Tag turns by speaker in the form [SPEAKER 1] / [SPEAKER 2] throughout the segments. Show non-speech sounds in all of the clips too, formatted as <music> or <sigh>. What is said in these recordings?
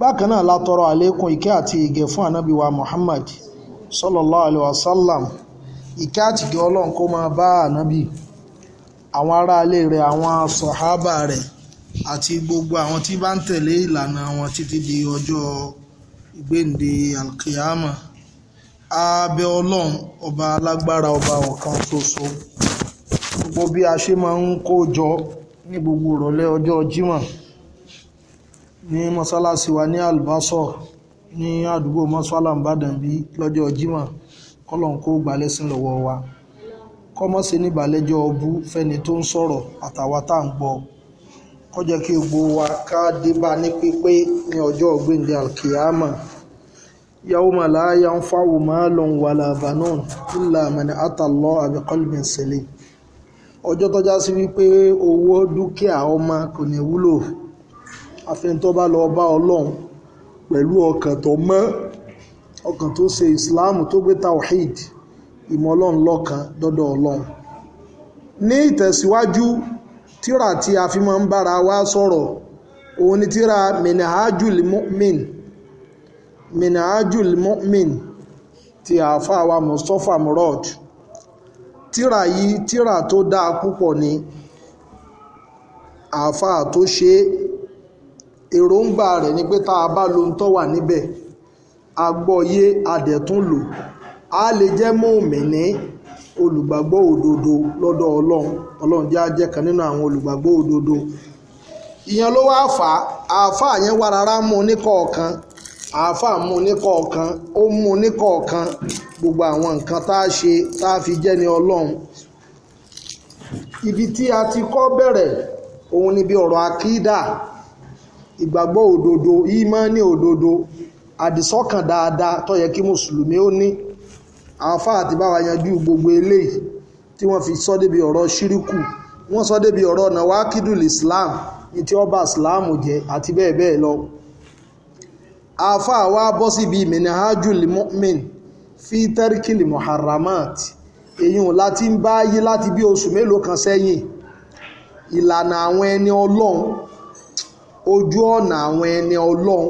[SPEAKER 1] bákan náà látọrọ àlékún ìkẹ́ àti ìgẹ̀ fún ànábì wa Muhammad sallallahu alaihi wasallam ìkẹ́ àti ìgẹ̀ ọlọ́run kó máa bá ànábì àwọn aráalé rẹ̀ àwọn sọ̀hábà rẹ̀ àti gbogbo àwọn tí bá ń tẹ̀lé ìlànà àwọn títí di ọjọ́ ìgbéǹde alkiyama a ọba alágbára ọba ọ̀kan ṣoṣo gbogbo bí a ṣe máa ń gbogbo ìrọ̀lẹ́ ọjọ́ ní mọ́sálásí wa ní albasọ ní àdúgbò mọ́sálà ìbàdàn bí lọ́jọ́ jimá kọ́lọ́n gbalẹ́sìn lọ́wọ́ wa kọ́mọ́sí ní ìbàlẹ́jọ́ ọbú fẹ́ni tó ń sọ̀rọ̀ àtàwa tá à ń gbọ́ kó jẹ́ kí gbogbo wa ká débá ní pípé ní ọjọ́ ògbéǹde alkiyama yawma la yanfa'u malun wala banun illa man ata Allah bi qalbin salim ọjọ́ tọ́já sí wípé owó dúkìá ọmọ kò ní wúlò àfẹnitọ́ bá lọ bá ọlọ́run pẹ̀lú ọkàn tó mọ́ ọkàn tó ṣe islam tó gbé tawhid ìmọ̀ ọlọ́run lọ́kan dọ́dọ̀ ọlọ́run ní ìtẹ̀síwájú tíra tí a fi máa ń bára wa sọ̀rọ̀ òun ni tíra minahajul mu'min minahajul mu'min ti àáfàá wa Mustapha Murad tíra yìí tíra tó dáa púpọ̀ ni àáfàá tó ṣe é èròǹgbà rẹ̀ ni pé tá a bá lo ń tọ́ wà níbẹ̀ agbọ́yé adẹ̀tún lò á lè jẹ́ mùmíní olùgbàgbọ́ òdodo lọ́dọ̀ ọlọ́run ọlọ́run jẹ́ ajẹ́ kan nínú àwọn olùgbàgbọ́ òdodo ìyẹn ló wá fà á àáfàá yẹn wà rárá mú níkọ̀ọ̀kan àáfàá mú níkọ̀ọ̀kan ó mú gbogbo àwọn nǹkan tá a ṣe tá a fi jẹ́ ni ọlọ́run ibi tí a ti kọ́ bẹ̀rẹ̀ òun ni bí ọ̀rọ̀ akídà ìgbàgbọ́ òdodo ìmánì òdodo àdìsọ́kàn dáadáa tó yẹ kí mùsùlùmí ó ní àáfàá àti báwa yanjú gbogbo eléyìí tí wọ́n fi sọ débi ọ̀rọ̀ ṣíríkù wọ́n sọ débi ọ̀rọ̀ nàwákìdùl islam ní tí ọba islam jẹ́ àti bẹ́ẹ̀ bẹ́ẹ̀ lọ àáfàá wa bọ́ síbi minahajul mu'min fi tẹ́ríkìlì muharramat èyàn láti ń bá láti bí oṣù mélòó kan sẹ́yìn ìlànà àwọn ẹni ọlọ́run ojú ọ̀nà àwọn ẹni ọlọ́run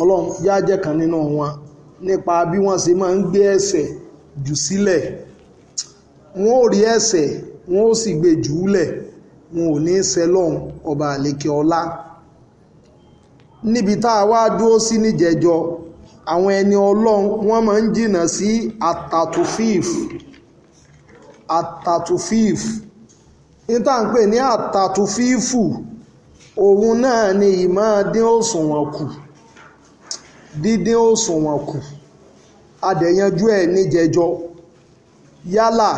[SPEAKER 1] ọlọ́run yá jẹ́ kan nínú wọn nípa bí wọ́n ṣe máa ń gbé ẹ̀ṣẹ̀ jù sílẹ̀ wọ́n ò rí ẹ̀ṣẹ̀ wọ́n ò sì gbé jù ú wọ́n wọn ò ní í ṣe ọba àlekè ọlá níbi tá a wá dúró sí níjẹjọ àwọn ẹni ọlọ́run wọ́n máa ń jìnnà sí àtàtúfíìf àtàtúfíìf ní ń pè ní àtàtúfíìfù. òun náà ni ìmọ̀ dín òṣùwọ̀n kù dídín òṣùwọ̀n kù adẹ̀yanjú ẹ̀ níjẹjọ́ yálà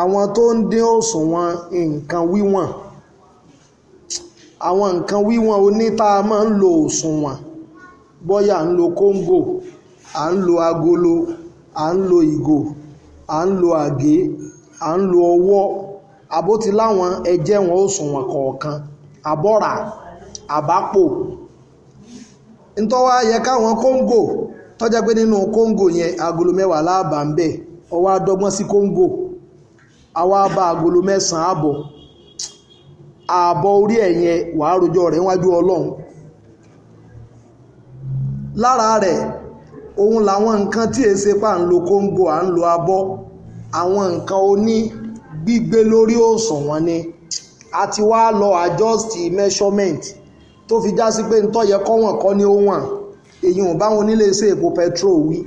[SPEAKER 1] àwọn tó ń dín òṣùwọ̀n nǹkan wíwọ̀n àwọn nǹkan wíwọ̀n oníta máa ń lo òṣùwọ̀n bọ́yà ń lo kóńgò à ń lo agolo à ń lo ìgò à ń lo àgé à ń lo ọwọ́ àbótí láwọn ẹjẹ́ wọn òṣùwọ̀n kọ̀ọ̀kan àbọ́ra àbápò ntọ́wá yẹ káwọn kóńgò tọ́jà pé nínú kóńgò yẹn agolo mẹ́wàá láàbà ń bẹ̀ ọwọ́ adọ́gbọ́n sí kóńgò àwa bá agolo mẹ́sàn-án àbọ̀ ààbọ̀ orí ẹ̀yẹn wàá rojọ́ rẹ̀ wájú ọlọ́run lára rẹ̀ ohun làwọn nǹkan tí è ṣe pa à ń lo kóńgò à ń lo abọ́ àwọn nǹkan oní gbígbé lórí òṣùwọ̀n ni. Kongo, a ti wá lọ adjust measurement tó fi já sí pé ntọ́ yẹ kọ́wọ̀n kọ́ ni ó wọ̀n èyí ò báwọn onílé iṣẹ́ epo petrol wí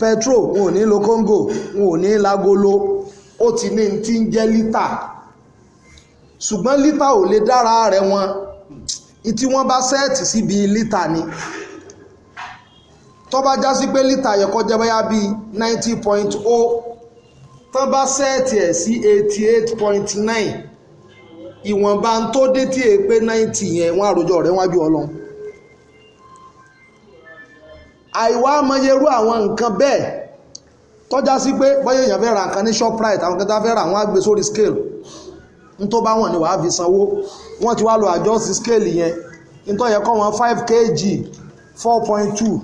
[SPEAKER 1] petrol wọn ò ní lo Congo, wọn ò ní lágolo ó ti ní ti ń jẹ́ lítà ṣùgbọ́n lítà ò lè dára rẹ̀ wọn tí wọ́n bá sẹ́ẹ̀tì síbi lítà ni tó bá já sí pé lítà yẹ kó jẹ́ bíi ninety point oh tán bá sẹ́ẹ̀tì ẹ̀ sí eighty eight point nine ìwọ̀nba tó dé tí èé pé ninety yẹn wọ́n àròjọ rẹ̀ wájú ọlọ́run àìwá amọyẹrú àwọn nǹkan bẹ́ẹ̀ tọ́já sí pé bọ́yá èèyàn fẹ́ ra nǹkan ní shoprite àwọn kan tá fẹ́ ra àwọn àgbè sórí scale n tó bá wọn ni wàá fi sanwó wọ́n ti wá lo àjọsí scale yẹn nítorí yẹ kọ́ wọn five kg four point two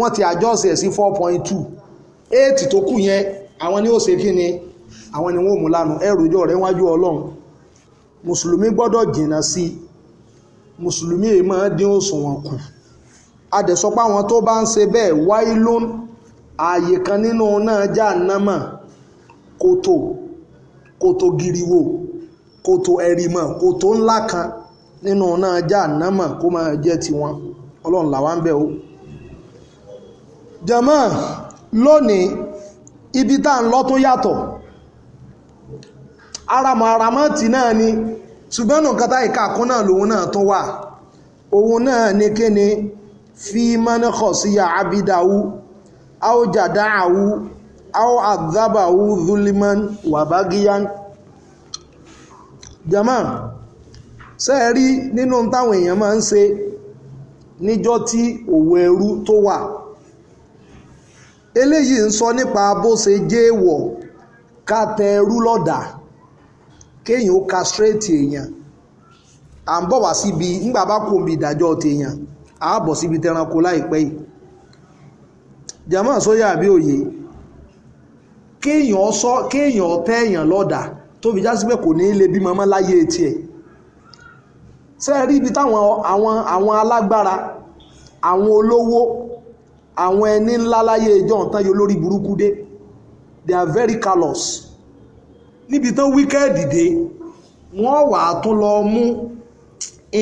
[SPEAKER 1] wọ́n ti àjọsí ẹ̀ sí four point two eight tó kù yẹn àwọn ni ó ṣe kí ni àwọn ni wọ́n mú lánàá ẹrù ìjọ rẹ̀ wájú ọlọ́run mùsùlùmí gbọ́dọ̀ jìnnà sí mùsùlùmí èyí máa dín òṣùwọ̀n kù a dẹ̀ sọ pé àwọn tó bá ń ṣe bẹ́ẹ̀ wáyé lónìí ààyè kan nínú náà já námà kòtò kòtò giriwo kòtò ẹ̀rìmọ̀ kòtò ńlá kan nínú náà já námà kó máa jẹ́ tiwọn ọlọ́run làwọn ń o jama lónìí ibi tá ń lọ tó yàtọ̀ aramọ̀ramọ̀tì náà ni ṣùgbọ́n nǹkan tá ìka kún náà lòun náà tó wà òun náà ni kéne fi mọ́nìkọ̀ sí ya abidawu aojadaawu aw adhabahu zuliman wabagiyan jama sẹ́ẹ̀rí nínú táwọn èèyàn máa ń ṣe níjọ́ tí òwò ẹrú tó wà eléyìí ń sọ nípa bó ṣe jẹ́ èèwọ̀ ká tẹ ẹrú lọ́dà kéèyàn ó castrate èèyàn à ń bọ̀ wá síbi nígbà bá kò bí ìdájọ́ tèèyàn à á bọ̀ síbi tẹranko láìpẹ́ yìí àbí òye kéèyàn sọ kéèyàn tẹ èèyàn lọ́dà tó fi kò ní lè bímọ se láyé tiẹ̀ rí ibi táwọn àwọn alágbára àwọn àwọn ẹni ńlá láyé ìjọ ọ̀tán yóò lórí burúkú dé they are very callous níbi tán wíkẹ́ẹ̀dì dé wọ́n wà á tún lọ mú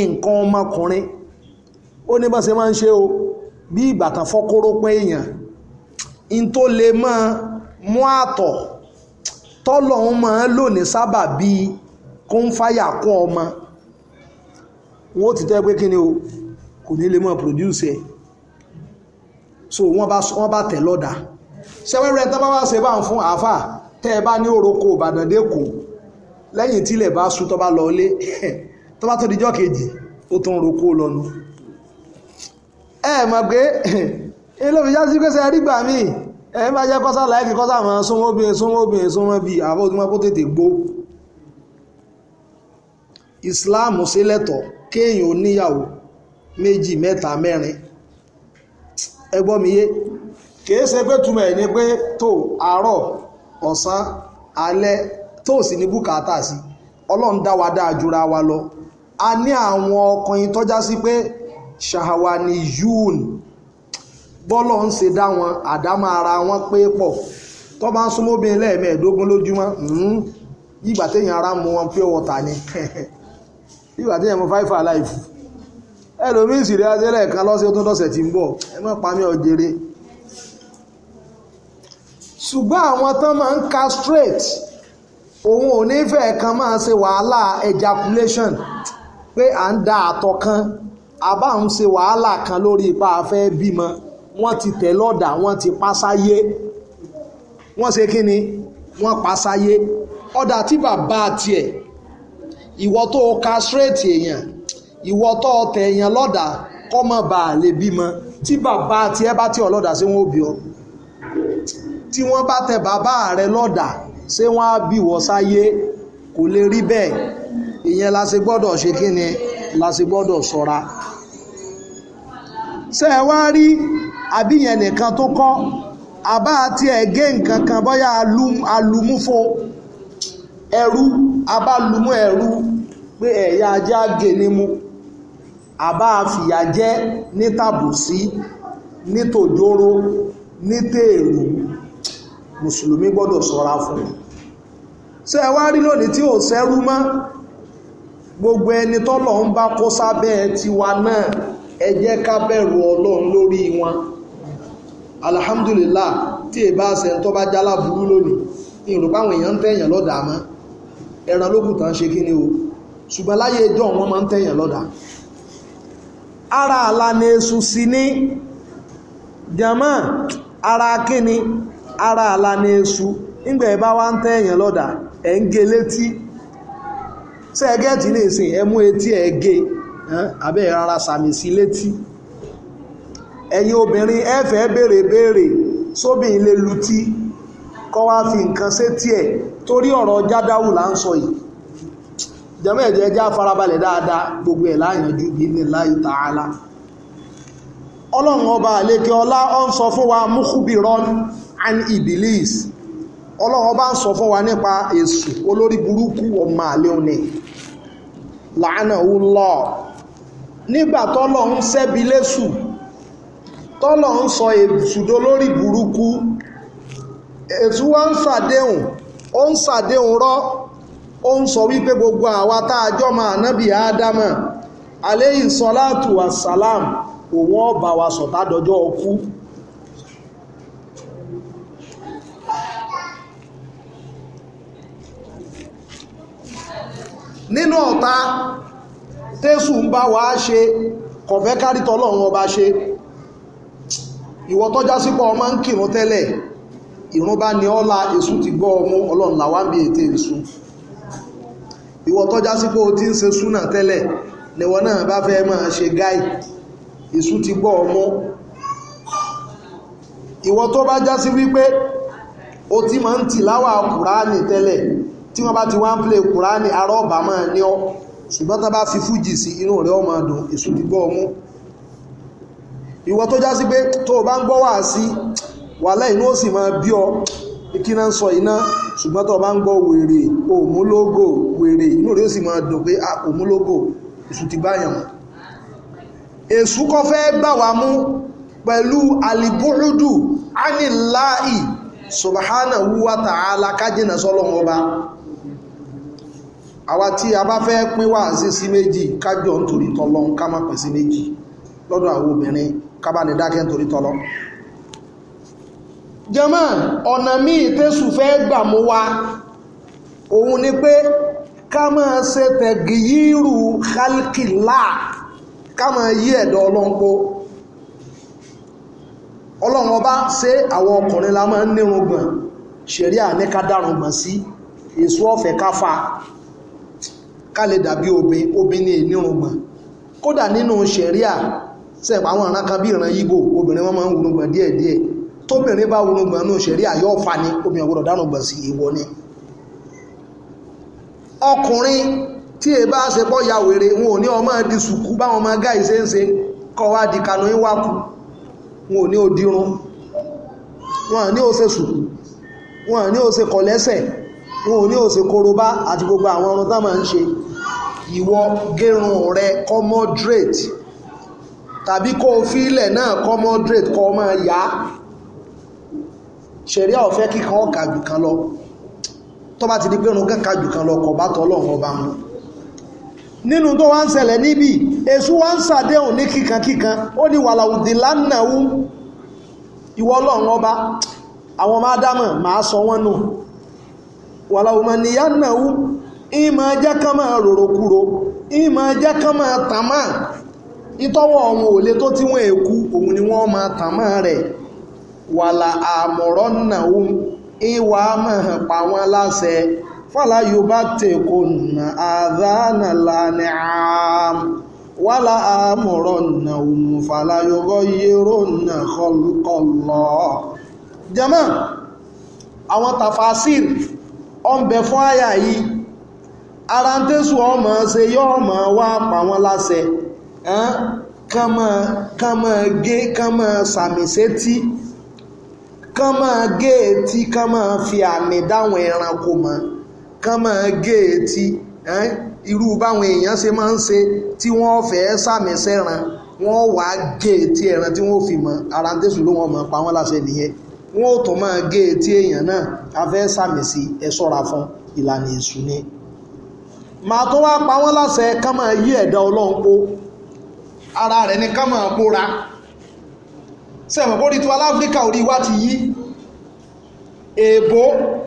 [SPEAKER 1] nǹkan ọmọkùnrin ó ní bá ṣe máa ń ṣe o bí ìbàtàn fọ́kóró pé èèyàn in tó lè máa mú àtọ̀ tọ́lọ́hún máa ń lò ní sábà bíi kó ń fáyà kún ọmọ wọn ti tẹ́ pé kí ni o kò ní lè máa produce ẹ̀ so wọ́n bá wọ́n bá tẹ̀ lọ́dà ṣẹ́wẹ́rẹ́ tó bá wá ṣe bá ń fún àáfà tẹ́ ẹ bá ní oroko ìbàdàn dẹ́kọ̀ọ́ lẹ́yìn tílẹ̀ bá sú tó bá lọ ilé <laughs> tó bá tó dijọ́ kejì ó tún roko lọ́nu ẹ mọ̀ pé ilé òfin jásí pé ṣe rí gbà míì ẹ bá jẹ́ kọ́sá láìkí kọ́sá mọ́ súnmọ́ obìnrin súnmọ́ obìnrin súnmọ́ bíi àbọ̀ òtún mọ́ tètè gbó Islam sílẹ̀tọ̀ kéèyàn oníyàwó méjì mẹ́ta mẹ́rin ẹgbọ́miyé keese ṣe pé túmọ̀ ẹ̀ ni pé tó àárọ̀ ọ̀sán alẹ́ tó sì ní bùkátà sí ọlọ́run wa wa lọ a ní àwọn ọkùnrin tọ́já sí pé ṣàwà ni yún bọ́lọ̀ ń ṣe dá wọn àdámọ́ ara wọn pé pọ̀ tó bá ń súnmọ́ obìnrin lẹ́ẹ̀mẹ́ẹ̀ẹ́dógún lójúmọ́ yígbà hmm, téèyàn ara mu wọn pure water ni yígbà <laughs> téèyàn mu five ẹlòmíì sì rí azẹ́lẹ̀ kan lọ́sẹ̀ tó dọ̀sẹ̀ tí ń bọ̀ ẹ má pa mí ọjẹrẹ ṣùgbọ́n àwọn tán máa ń castrate òun ò ní fẹ́ kan máa ṣe wàhálà ejaculation pé à ń da àtọ̀ kan àbá ń ṣe wàhálà kan lórí ipa afẹ́ bímọ wọ́n ti tẹ̀ lọ́dà wọ́n ti pásáyé wọ́n ṣe kí ni wọ́n pásáyé ọ̀dà tí bàbá tiẹ̀ ìwọ tó castrate èèyàn ìwọ tọ́ ọ̀tẹ̀ èèyàn lọ́dà kọ́mọ bá a lè bímọ tí bàbá tí ẹ bá tí ọlọ́dà ṣé wọ́n bí ọ tí wọ́n bá tẹ bàbá rẹ lọ́dà ṣé wọ́n á bí wọ́ sáyé kò lè rí bẹ́ẹ̀ ìyẹn la ṣe gbọ́dọ̀ ṣe kí ni la ṣe gbọ́dọ̀ ṣọ́ra ṣé ẹ wá rí àbíyẹn nìkan tó kọ́ àbá àti ẹ̀gẹ́ nǹkan kan bọ́yá alùmú fún ẹrú abálùmú ẹrú pé ẹ̀yà ajá gè ní mu àbá fìyà jẹ́ ní tàbùsí ní tòjóró ní tèèrú mùsùlùmí gbọ́dọ̀ sọ́ra fún ṣé ẹ wá rí lónìí tí ò sẹ́rú mọ́ gbogbo ẹni tọ́lọ̀ ń bá kó sábẹ́ tiwa náà ẹ ká bẹ̀rù ọlọ́run lórí wọn alhamdulillah tí èbá ṣe tó bá jálá burú lónìí ìrùpá àwọn èèyàn ń tẹ̀yàn lọ́dà mọ́ ẹran lókùtàn ṣe kí ni o ṣùgbọ́n láyé ẹjọ́ wọn máa ń tẹ̀yàn lọ́dà ara na-esu si ni jama ara kini ara ala na esu ẹ ebe wá ń tẹ́ èèyàn lọ́dà ẹ̀ leti gé létí ṣé ẹ gẹ́ẹ̀tì ní ìsìn ẹ mú etí ẹ gé abẹ́ ìrara sàmì sí létí ẹ̀yin obìnrin ẹ fẹ́ béèrè sóbìn ilé lutí kọ́ fi nǹkan sétí ẹ̀ torí ọ̀rọ̀ jádáwù là ń sọ yìí jẹmọ ẹ̀jẹ̀ ẹjá farabalẹ̀ dáadáa gbogbo ẹ̀ láyànjú bíi láyé tààlà ọlọ́run ọba àlékẹ́ ọlá ọ ń sọ fún wa mukhbiran an ibilis ọlọ́run ọba ń sọ fún wa nípa èsù olórí burúkú ọmọ àléhùn ni làánà ó nígbà tọ́lọ̀ ń sẹ́bi lẹ́sù tọ́lọ̀ ń sọ èṣùdó lórí burúkú wa ń ó ń ó ń sọ wípé gbogbo àwa tá a jọ máa nábì ádámà aléyìn sọláàtù wàsálàm òun ọba wa sọ̀tádọjọ́ ọkú nínú ọ̀tá tẹ́sù ń bá wa ṣe kọ̀fẹ́ kárítọ́ lọ́run ọba ṣe ìwọ tọ́já sípọ̀ ọmọ ń kírun tẹ́lẹ̀ ìrun bá ní ọlá èṣù ti gbọ́ ọmú ọlọ́run làwọn bí ètè èṣù ìwọ tọ́já sí pé o ti ń ṣe súnà tẹ́lẹ̀ níwọ náà bá fẹ́ máa ṣe gáì èṣù ti gbọ́ ọmọ ìwọ tó bá já sí wípé o ti máa ń tìláwà kùránì tẹ́lẹ̀ tí wọ́n bá ti wá ń play kùránì arọ́ ọ̀bà máa ní ọ ṣùgbọ́n tó bá fi fújì sí inú rẹ̀ ọmọ dùn èṣù ti gbọ́ ọmọ kí náà ń sọ iná ṣùgbọ́n tó bá ń gbọ́ wèrè òmúlógò wèrè inú rẹ̀ ó sì máa dùn pé òmúlógò ah, èṣù ti báyàn èṣù kọ́ fẹ́ gbà wá mú pẹ̀lú alìbúrúdù ánìláì subhanahu wa ta'ala kájínà sọ́lọ́run ọba àwa tí a bá jẹ́mọ́ ọ̀nà míì tẹ́sù fẹ́ gbà wa òun ni pé ká máa ṣe ká máa yí ẹ̀dọ̀ ọba ṣe àwọn ọkùnrin la máa ń nírun gbọ̀n ṣẹ̀rí àní ká dárun gbọ̀n sí èso ọ̀fẹ́ ká fa ká lè dàbí gbọ̀n kódà nínú ṣẹ̀rí à sẹ̀pà àwọn bí tóbìnrin bá wọnú gbọ̀n ní òṣèré àyọ́ ọ̀fà ni obìnrin ọgbọ́dọ̀ dánù gbọ̀n sí ìwọ ni ọkùnrin tí ẹ bá ṣe bọ́ ya wèrè wọn ò ní ọmọ di sùkú báwọn ọmọ gáì ṣe ń di kanú ìwákù wọn ò ní òdirun wọn ní ó ṣe sùkú wọn ní ó ṣe kọ̀lẹ́sẹ̀ wọn ní ó ṣe korobá àti gbogbo àwọn ọrùn tá máa ń ṣe ìwọ gérun rẹ kọ́mọ́drate tàbí kó fílẹ̀ náà kọ́mọ́drate kọ́ máa yá ṣẹ̀rí àwọn fẹ́ kíkan jù kan lọ tó bá ti di pé lọ kọ̀ bá ọba mu nínú tó wá ń esu níbi èṣù wá ń ṣàdéhùn ní kíkankíkan ó ní wàlàùdì lánàáwú ìwọ ọba àwọn ọmọ ádámọ̀ máa sọ wọ́n nù wàlàùdì mọ̀nìyànnáwú ìmọ̀ jẹ́ kán máa rorò kúrò ìmọ̀ jẹ́ kán tàmá èkú òun ni wọ́n wàlà àmọ̀rọ̀ nàú ìwà àmọ̀hàn pa wọ́n láṣẹ fàlà yorùbá tèkó nà àdánà lànà àmọ̀ wàlà àmọ̀rọ̀ nàú fàlà yorùbá yẹ̀rọ nà kọlọ̀ jẹ́mọ́ àwọn tafasir ọ̀nbẹ fún àyà yìí ara ń tẹ́sù ọmọ ṣe yọ́ ọmọ wá pa wọ́n láṣẹ gé kánmọ́ sàmìsétí kán máa gé etí kán máa fi àmì dáwọn ẹranko mọ́ kán máa gé etí irú báwọn èèyàn ṣe máa ń ṣe tí wọ́n fẹ́ sàmì sẹ́ran wọ́n wà á gé etí ẹran tí wọ́n fi mọ́ ara tẹ̀sùn ló wọ́n mọ̀ pa wọ́n láṣẹ nìyẹn wọ́n ò tún máa gé etí èèyàn náà a fẹ́ sàmì sí ẹ ṣọ́ra fún ìlànà èṣù ni màá tún wá pa wọ́n láṣẹ kán máa yí ẹ̀dá ọlọ́run po ara rẹ̀ ni kán máa pòra sẹ́mọ̀ bórí tí wà láfíríkà orí wá ti yí èèbó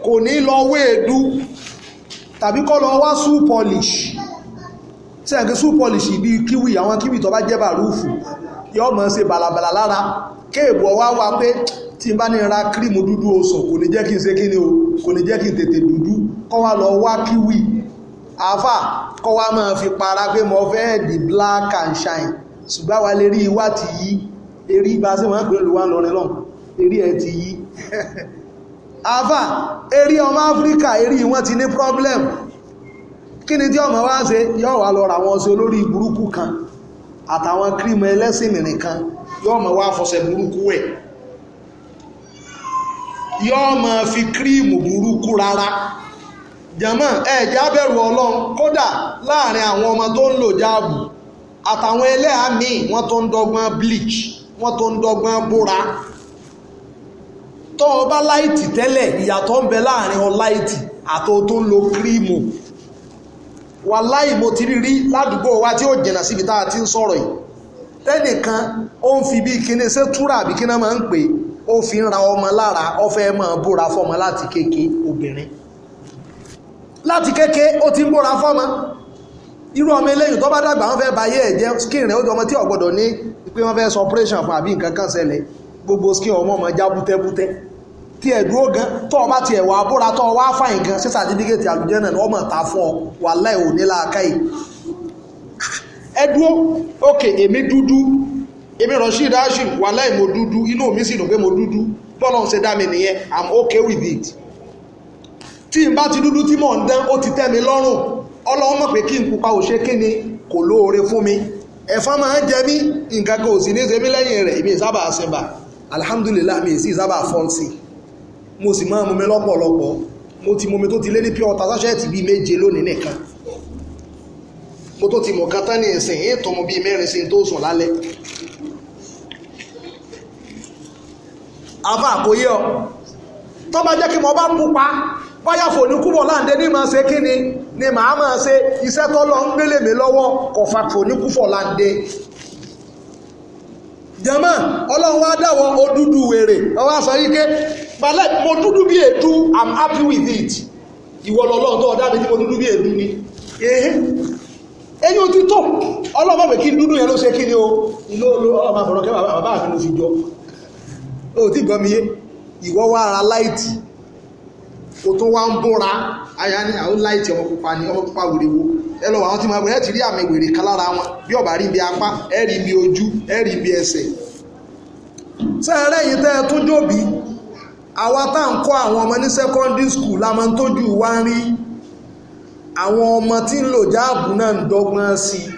[SPEAKER 1] kò ní lọ wéèdú tàbí kọ́ lọ wá sú polish sẹ́ǹkì sú polish bí kíwì àwọn kíwì tó bá jẹ́ bàrúfù yọ́ mọ̀ ṣe bàlàbàlà lára kéèbó wá wá pé tí n bá ní ra kírìmù dúdú oṣù kò ní jẹ́ kí n ṣe kí ni o kò ní jẹ́ kí n tètè dúdú kọ́ wá lọ wá kíwì àáfà kọ́ wá máa fi para pé mo fẹ́ di black and shine ṣùgbọ́n wa lè rí iwá ti yí èrí bá sí wọ́n pẹ̀lú wà lọ́rin lọ́n èrí ẹ̀ ti yí afá èrí ọmọ áfíríkà èrí wọn ti ní problem kí ni tí ọmọ wá ṣe yọ́ wà lọ ra wọn sí olórí burúkú kan àtàwọn kírìmù ẹlẹ́sìn mìíràn kan yọ́ mọ̀ wá fọṣẹ burúkú ẹ̀ yọ́ mọ̀ fi kírìmù burúkú rárá jẹ̀mọ́ ẹ̀jẹ̀ abẹ̀rù ọlọ́run kódà láàrin àwọn ọmọ tó ń lò jáàbù àtàwọn ẹlẹ́àmì wọ́n tó ń dọ́gbọ́n bleach wọ́n tó ń dọ́gbọ́n búra tó o láìtì tẹ́lẹ̀ ìyàtọ̀ ń bẹ láàrin ọ láìtì àtò tó ń lo kírímù wà láì mo ti rí rí ládùúgbò tí ó jìnà síbi tá a ti ń sọ̀rọ̀ yìí tẹ́nìkan ó ń fi bí kíní ṣé túrà àbí kíná máa ń pè ó fi ń ra ọmọ lára ó fẹ́ máa búra fọmọ láti kéke obìnrin láti kéke ó ti ń búra fọmọ irú ọmọ eléyìn tó bá dàgbà wọ́n fẹ́ bayé ẹ̀jẹ̀ skin rẹ̀ ó di ọmọ tí ọ̀gbọ́dọ̀ ní pé wọ́n fẹ́ sọ operation fún àbí nǹkan kan ṣẹlẹ̀ gbogbo skin ọmọ ọmọ já bútẹ́bútẹ́ tí ẹ̀ dúró gan tó ọba ti ẹ̀wà abúra tó wá fàyìn gan sí sàtífíkẹ́tì àlùjẹ́nà ni wọ́n mọ̀ ta fún ọ wà láì ò ní láàká yìí ẹ dúró òkè èmi dúdú èmi rọ̀ṣí ìdáṣì wà láì mo dúdú inú mi sì dùn pé mo dúdú tọ́lọ́ ń ṣe dá mi nìyẹn i'm okay with it tí n bá ti dúdú tí mò ń dán ó ti tẹ́ mi lọ́rùn ọlọ́wọ́n mọ̀ pé kí n pupa ò ṣe kí ni kò lóore fún mi ẹ̀fọn máa ń jẹ mí nǹkan kan ò sì ní ṣe mí lẹ́yìn rẹ̀ èmi ìsábà àṣẹbà alihamudulilayi mi sì ìsábà fọ́ọ̀sì mo sì máa mumi lọ́pọ̀lọpọ̀ mo ti mumi tó ti lé ní pure water sáṣẹ́ẹ̀tì bíi méje lónìí nìkan mo tó ti mọ̀ kátá ní ẹ̀sìn yìí tọmọ bíi mẹ́rin sí tó sùn lálẹ́ àfa àkóyé ọ tọ́ bá jẹ́ kí mo bá pupa báyà fò ní kúbọ̀ láǹdẹ́ ní máa ṣe kí ni ni màá máa ṣe iṣẹ́ tó lọ ń gbélé mi lọ́wọ́ kọ̀fà fòníkúfọ̀ láǹdé jàmá ọlọ́run dáwọ́ o wèrè ọwọ́ sọ yí ké balẹ̀ mo dúdú bí èdú i'm happy with it ìwọ lọ́lọ́run tó ọ̀dá mi tí mo dúdú bí èdú ni ehe ojú tó ọlọ́run kí o ìlú ọmọ àbọ̀rọ̀ kẹwàá bàbá mi ló fi o ti gbọ́ mi yé ara o tó wá ń bóra aya ní àwọn láìtì ọmọ pupa ní ọmọ pupa wèrèwo ẹ lọ àwọn tí mo ẹ ti rí àmì wèrè kan lára wọn bí ọba rí ibi apá ẹ rí ibi ojú ẹ rí ibi ẹsẹ̀ sẹ́ẹ̀rẹ́ yìí tẹ́ ẹ tún jòbí àwa tá à ń kọ́ àwọn ọmọ ní secondary school la máa ń tójú wá ń rí àwọn ọmọ tí ń lò jáàbù náà ń dọ́gbọ́n sí i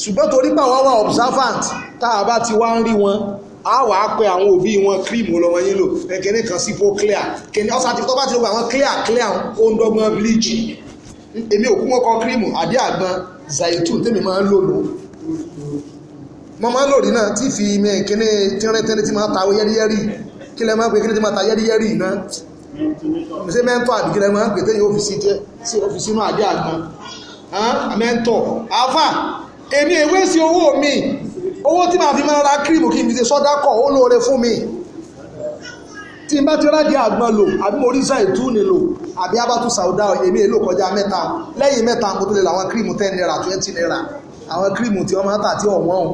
[SPEAKER 1] ṣùgbọ́n torí pàwọ́ wà observant tá a bá ti wá ń rí wọn a wà á pé àwọn òbí wọn kírìmù lọ́wọ́ yín lò kẹ́ni kan sí fó clear kẹ́ni ọ̀sán àti tọ́ba ti lọ́gbà àwọn clear clear ó ń dọ́gbọ́n bleach èmi òkú mọ́kọ kírìmù àdé àgbọn zaitun tèmi máa ń lò lò mo máa ń lò rí náà tí fi mi kíní tẹ́rẹ́tẹ́rẹ́ tí máa ta yẹ́rìyẹ́rì kí lẹ́ máa pè kíní tí máa ta yẹ́rìyẹ́rì náà mo ṣe mẹ́ńtọ́ àbí kí lẹ́ máa pè téyìn ọ́fíìsì jẹ́ sí ọ́fíìsì náà àdé àgbọn mẹ́ńtọ́ àfà èmi èwe sí owó mi owó tí màá fi máa ra kírìmù kí n fi ṣe sọ́dá kọ̀ ó lóore fún mi tí n bá ti rádìí àgbọn lò àbí mo rí zaitú ni lò àbí abatu sauda èmi èlò kọjá mẹ́ta lẹ́yìn mẹ́ta mo tó lè làwọn kírìmù ten naira twenty naira àwọn kírìmù tí wọ́n máa tà tí ọ̀wọ́n o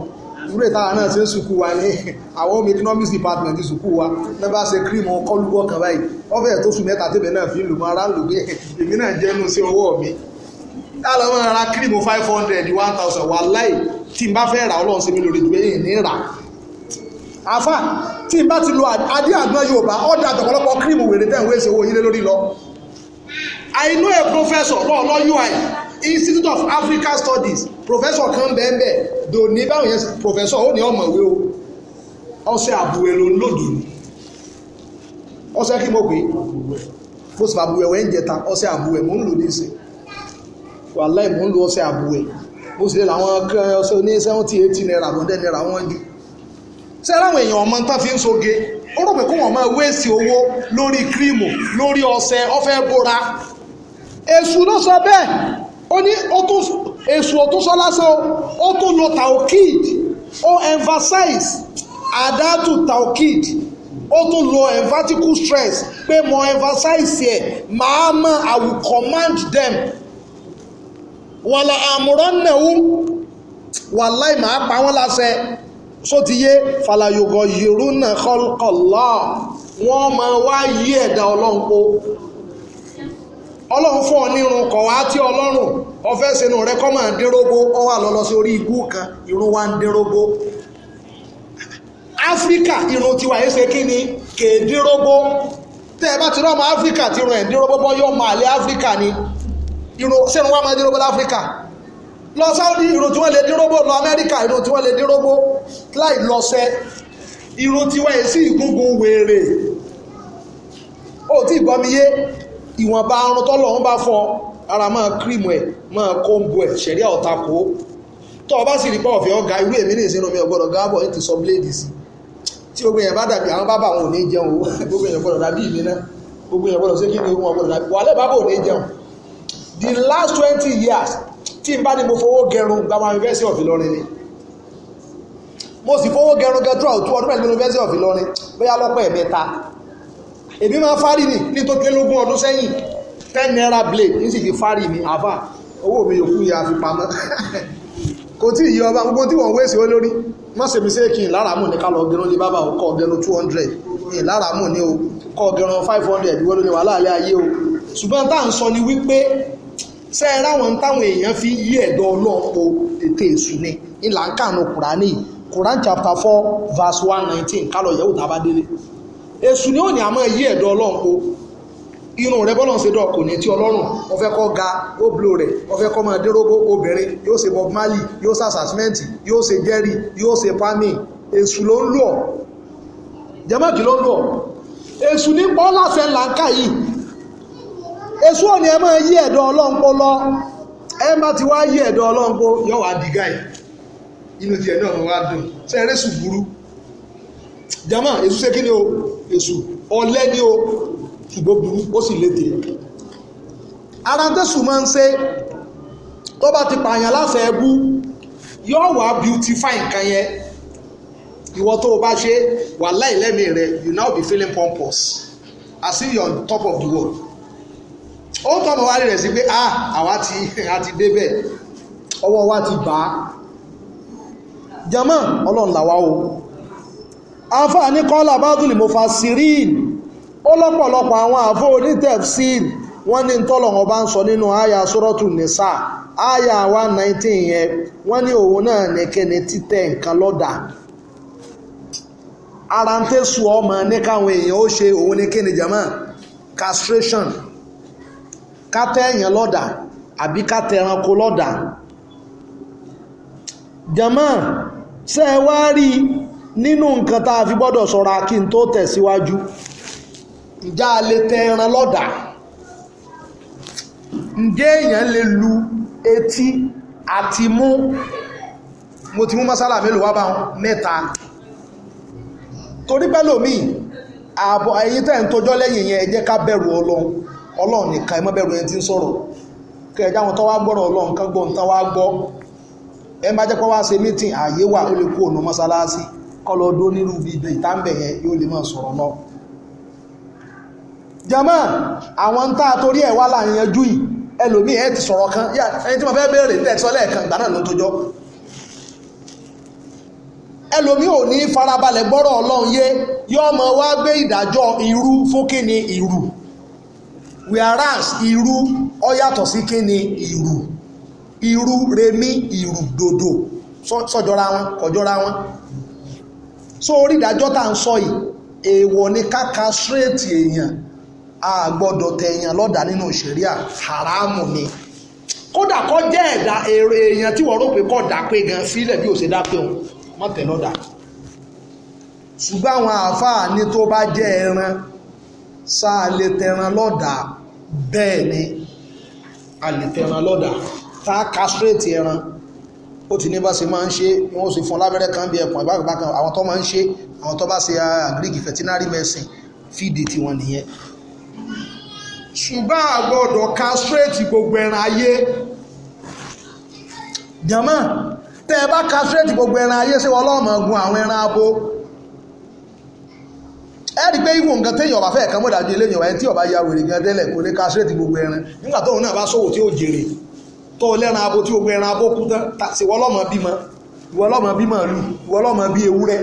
[SPEAKER 1] ìwúrò ìtara náà ṣe ń sùkú wa ní <laughs> àwọn home economics department sùkú wa náà bá ṣe kírìmù kọlùkọ kan báyìí ọ̀fẹ́ tó sùn mẹ́ta tẹ̀bẹ̀ náà fi ń lò mọ́ ara ń lò pé <laughs> èmi náà jẹ́nu sí ọwọ́ mi ká lọ́ máa ra kírìmù five hundred one thousand wàláì tí bá fẹ́ rà ọlọ́run sí mi lórí ìdúgbò yìí ní rà àfà tí bá ti lo adé àgbọn yorùbá ọ̀dà àtọ̀pọ̀lọpọ̀ kírìmù wèrè tẹ̀ ń ìṣòwò yìí lórí lọ I know a professor lọ́ọ̀ lọ́ UI Institute of African Studies professor kan bẹ́ẹ̀ bẹ́ẹ̀ dò ní báwọn yẹn professor ó ní ọ̀mọ̀wé o ọ̀sẹ̀ àbúwẹ̀ ló ń lòdì ní ọ̀sẹ̀ kí mo pè é fóṣù àbúwẹ̀ wẹ́ ń jẹta ọ̀sẹ̀ àbúwẹ̀ mò ń lò ní ìsìn wàláì mò ń lò ọ̀sẹ̀ àbúwẹ̀ mo sì lè làwọn kan ọsẹ ní seventy eighty naira lọ́dẹ̀ naira wọ́n jù ṣé láwọn èèyàn ọmọ tán fi ń soge ó rò pé kó wọn máa wéèsì owó lórí kírímù lórí ọṣẹ ọfẹ bóra èṣù ló sọ bẹ́ẹ̀ ó ní èṣù ó tún sọ lásán ó tún lo taokid ó emphasize àdátù taokid ó tún lo emphatical stress pé mo emphasize ẹ̀ màá mọ̀ i will command them wàlà àmúrán náà wàláì máa wọ́n láṣẹ só ti yé fàlàyògọ̀ yìrú náà kọ́lá wọ́n máa wá yí ẹ̀dá ọlọ́run po ọlọ́run fún ọ kọ̀ wá tí ọlọ́run ọfẹ́ sínú rẹ irun ń áfíríkà irun tiwa yìí ṣe ọmọ áfíríkà ti ẹ bọ́ ọmọ ni sínú wa máa dínrógbó láfíríkà lọ sáúdí ìró tí wọ́n lè dínrógbó lọ amẹ́ríkà ìró tí wọ́n lè dínrógbó láì lọ́sẹ̀ ìró tí wọ́n yẹ sí ìgúngun wèrè ó tí ìgbọ́miyé ìwọ̀nba arun tọ́lọ̀ ń bá fọ ara máa kírìmù ẹ̀ máa kóńbù ẹ̀ ṣẹ̀rí ọ̀tako tó o bá sì rí pọ̀ ọ̀fẹ́ ọ̀gá irú èmi ní ìsinmi ọgbọ́dọ̀ gáàbọ̀ ní ti sọ bléèdì sí tí gbogbo èèyàn bá dàbí àwọn bábà àwọn ò ní jẹun <laughs> gbogbo èèyàn gbọ́dọ̀ dàbí ìmínà gbogbo èèyàn gbọ́dọ̀ sí kí ni ohun ọgbọ́dọ̀ dàbí wàlẹ́ bábà ò ní jẹun the last twenty years tí n bá ní mo fowó gẹrun gba àwọn university of Ìlọrin ni mo sì fowó gẹrun gẹ throughout two ọdún mẹ́rin university of Ìlọrin bóyá lọ́pọ̀ ẹ̀mẹ́ta èmi máa fárí ni ní tó kéré lógún ọdún sẹ́yìn ten naira blade ní sì fi fárí mi àfà owó mi yòókù yà fi pamọ́ kò tí ì yọ ọba gbogbo tí wọ́n wéṣẹ̀ olórí má ṣe mi séèkì ìláràmù ní ká lọ gẹrun ní bábà ó kọ́ gẹrun two hundred ìláràmù ní o kọ́ gẹrun five hundred ìwọ́n ló ní wàhálà alẹ́ ayé o ṣùgbọ́n táà ń sọ ni wípé ṣe é ráwọn táwọn èèyàn fi yí ẹ̀dọ̀ ọlọpọ ètò èṣù ni ìlà ń kànú kùránì Quran chapter four verse one nineteen kálọ̀ yẹ̀wò tá a ni ó ní àmọ́ yí ẹ̀dọ̀ ọlọpọ irun rẹ bọ́lọ̀ ń ṣe ní ga ó rẹ rẹ̀ ó obìnrin yóò ṣe Bob Marley yóò ṣe yóò ṣe jerry yóò ṣe èṣù ló ń èṣù òní ẹ máa yí ẹ̀dọ̀ ọlọ́npọ lọ ẹ má ti wá yí ẹ̀dọ̀ ọlọ́npọ yọ wá di gáì inú tiẹ̀ náà ló wá dùn ṣe eré sùn burú jama èṣù ṣe kí ni o èṣù ọ̀lẹ ni o ṣùgbọ́n burú ó sì léde ara tẹ́sù máa ń ṣe tó bá ti pààyàn láṣẹ ẹbú yóò wá beautify nǹkan yẹn ìwọ tó o bá ṣe wà láì rẹ you now be feeling pompous as if you are on top of the world ó tọ́pọ̀ wá rí rẹ̀ sí pé ah àwa ti ti débẹ̀ ọwọ́ wa ti bá jama ọlọ́run làwa o àǹfààní kọ́lá bádùlì mufassirin ó lọ́pọ̀lọpọ̀ àwọn àfọ́ onítẹ̀fsìn wọ́n ní tọ́lọ̀wọ́n bá ń sọ nínú àyà sọ́rọ́tù nìsà àyà 119 yẹn wọ́n ní òun náà nìkẹ́ni títẹ̀ nǹkan lọ́dà ara ọmọ ní káwọn èèyàn ó ṣe òun ní kíni jama castration ká tẹ́ èèyàn lọ́dà àbí ká ẹranko lọ́dà jama ṣe ẹ wá rí nínú nǹkan tá a fi gbọ́dọ̀ ṣọ́ra kí n tó tẹ̀síwájú ǹjẹ́ a lè tẹ ẹran lọ́dà ǹjẹ́ èèyàn lè lu etí àti mú mo ti mú mọ́sálà mélòó wá bá wọn mẹ́ta torí pẹ́lòmíì ààbọ̀ ẹ̀yìn tẹ̀ ń tojọ́ lẹ́yìn yẹn ẹ ká bẹ̀rù ọlọ́run ọlọ́run nìkan ẹ bẹ̀rù ẹni tí ń sọ̀rọ̀ wá gbọ́rọ̀ ọlọ́run gbọ́n wá gbọ́ ẹ wá ṣe mítìn ó lè ònà mọ́sálásí ibi ìtàǹbẹ̀ yẹn yóò lè máa sọ̀rọ̀ náà jama àwọn ń tá a torí ẹ̀ wá láàrin yìí ẹ ti kan ẹni tí mo fẹ́ lẹ́ẹ̀kan ìgbà náà ló wá gbé ìdájọ́ irú fókè ní whereas irú ọ yàtọ̀ sí kí ni Iru irú remí ìrù dòdò sọ́jọ́ra wọn kọjọ́ra wọn so orí ìdájọ́ tá à ń sọ yìí èèwọ̀ ni káka straight èèyàn a gbọ́dọ̀ tẹ èèyàn lọ́dà nínú ṣẹ̀ríà haramu ni kódà kọ́ jẹ́ ẹ̀dá èèyàn tí wọ́n rò pé kọ́ dà pé gan sílẹ̀ bí ò ṣe dá òun má tẹ̀ lọ́dà ṣùgbọ́n àwọn àáfàá ní tó bá jẹ́ ẹran sáà lè tẹran lọ́dà bẹ́ẹ̀ ni a lè tẹran lọ́dà tá a castrate ẹran ó ti ní bá ṣe máa ń ṣe wọn ó sì fún lábẹ́rẹ́ kan bí ẹkùn ìbákan kan àwọn tó máa ń ṣe àwọn tó bá ṣe agric veterinary medicine fídì tiwọn nìyẹn ṣùgbọ́n a gbọ́dọ̀ castrate gbogbo ẹran ayé jama tẹ́ ẹ bá castrate gbogbo ẹran ayé ṣé wọ́n lọ́ọ́ máa gun àwọn ẹran abo ẹ̀rí pé ìwò nǹkan téèyàn ọba fẹ́ kan mọ́dájú eléyìn ọba ẹni tí ọba ya wèrè gan tẹ́lẹ̀ kò gbogbo ẹran nígbà tóun náà bá tí ó jèrè tó lẹ́ran abo tí gbogbo ẹran abo kú tán ìwọ lọ́mọ bímọ ìwọ lọ́mọ bímọ lù ìwọ lọ́mọ bí ewúrẹ́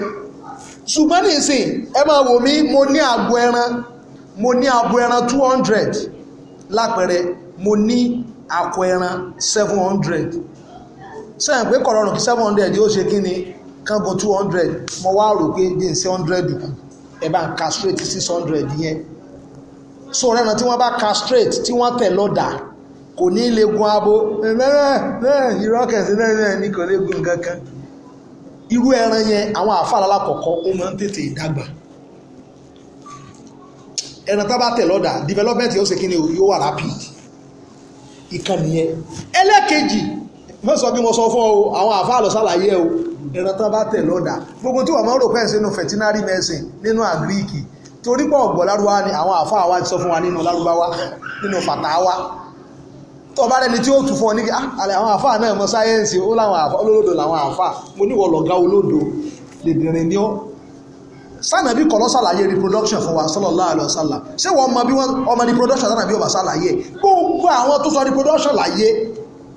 [SPEAKER 1] ṣùgbọ́n two hundred mo seven hundred sẹ́yìn pé seven hundred yóò ṣe kí ni two hundred mo wá rò pé ẹ bá ń castrate six hundred yẹn so rẹ́ran tí wọ́n bá castrate tí wọ́n tẹ̀ lọ́dà kò ní lè gun abo mẹ́rẹ́ mẹ́rẹ́ ìrọ́kẹ̀sí mẹ́rẹ́ ní kò lè gun kankan irú ẹran yẹn àwọn àfàlà lákọ̀ọ́kọ́ ó máa ń tètè dàgbà ẹran tá bá tẹ̀ lọ́dà development yóò ṣe kí ni yóò wà rapid ìkànnì yẹn ẹlẹ́kejì mọ́sàn bí mo sọ fún ọ àwọn àfáà lọ o ẹ̀rọ tán bá tẹ̀ lọ́dà gbogbo tí wọ́n máa ń rò pẹ́ sínú veterinary medicine nínú àgíríkì torí pọ̀ ọ̀gbọ̀ lárúbáwá ni àwọn àfáà wa ti sọ fún wa nínú lárúbáwá nínú fàtàwá tó bá rẹni tí ó tù fún ọ níbi ah, àwọn àfáà náà mọ sáyẹ́ǹsì ó láwọn àfáà olódò làwọn àfáà mo ní wọ́n lọ̀gá olódò lèdìrín ní ọ́ sànàbí kọ̀ lọ́ sàlàyé reproduction fún wa sallallahu alaihi wasallam ṣé wọ́n mọ bí wọ́n ọmọ reproduction sànàbí ọba sàlàyé gbogbo àwọn tó sọ reproduction láyé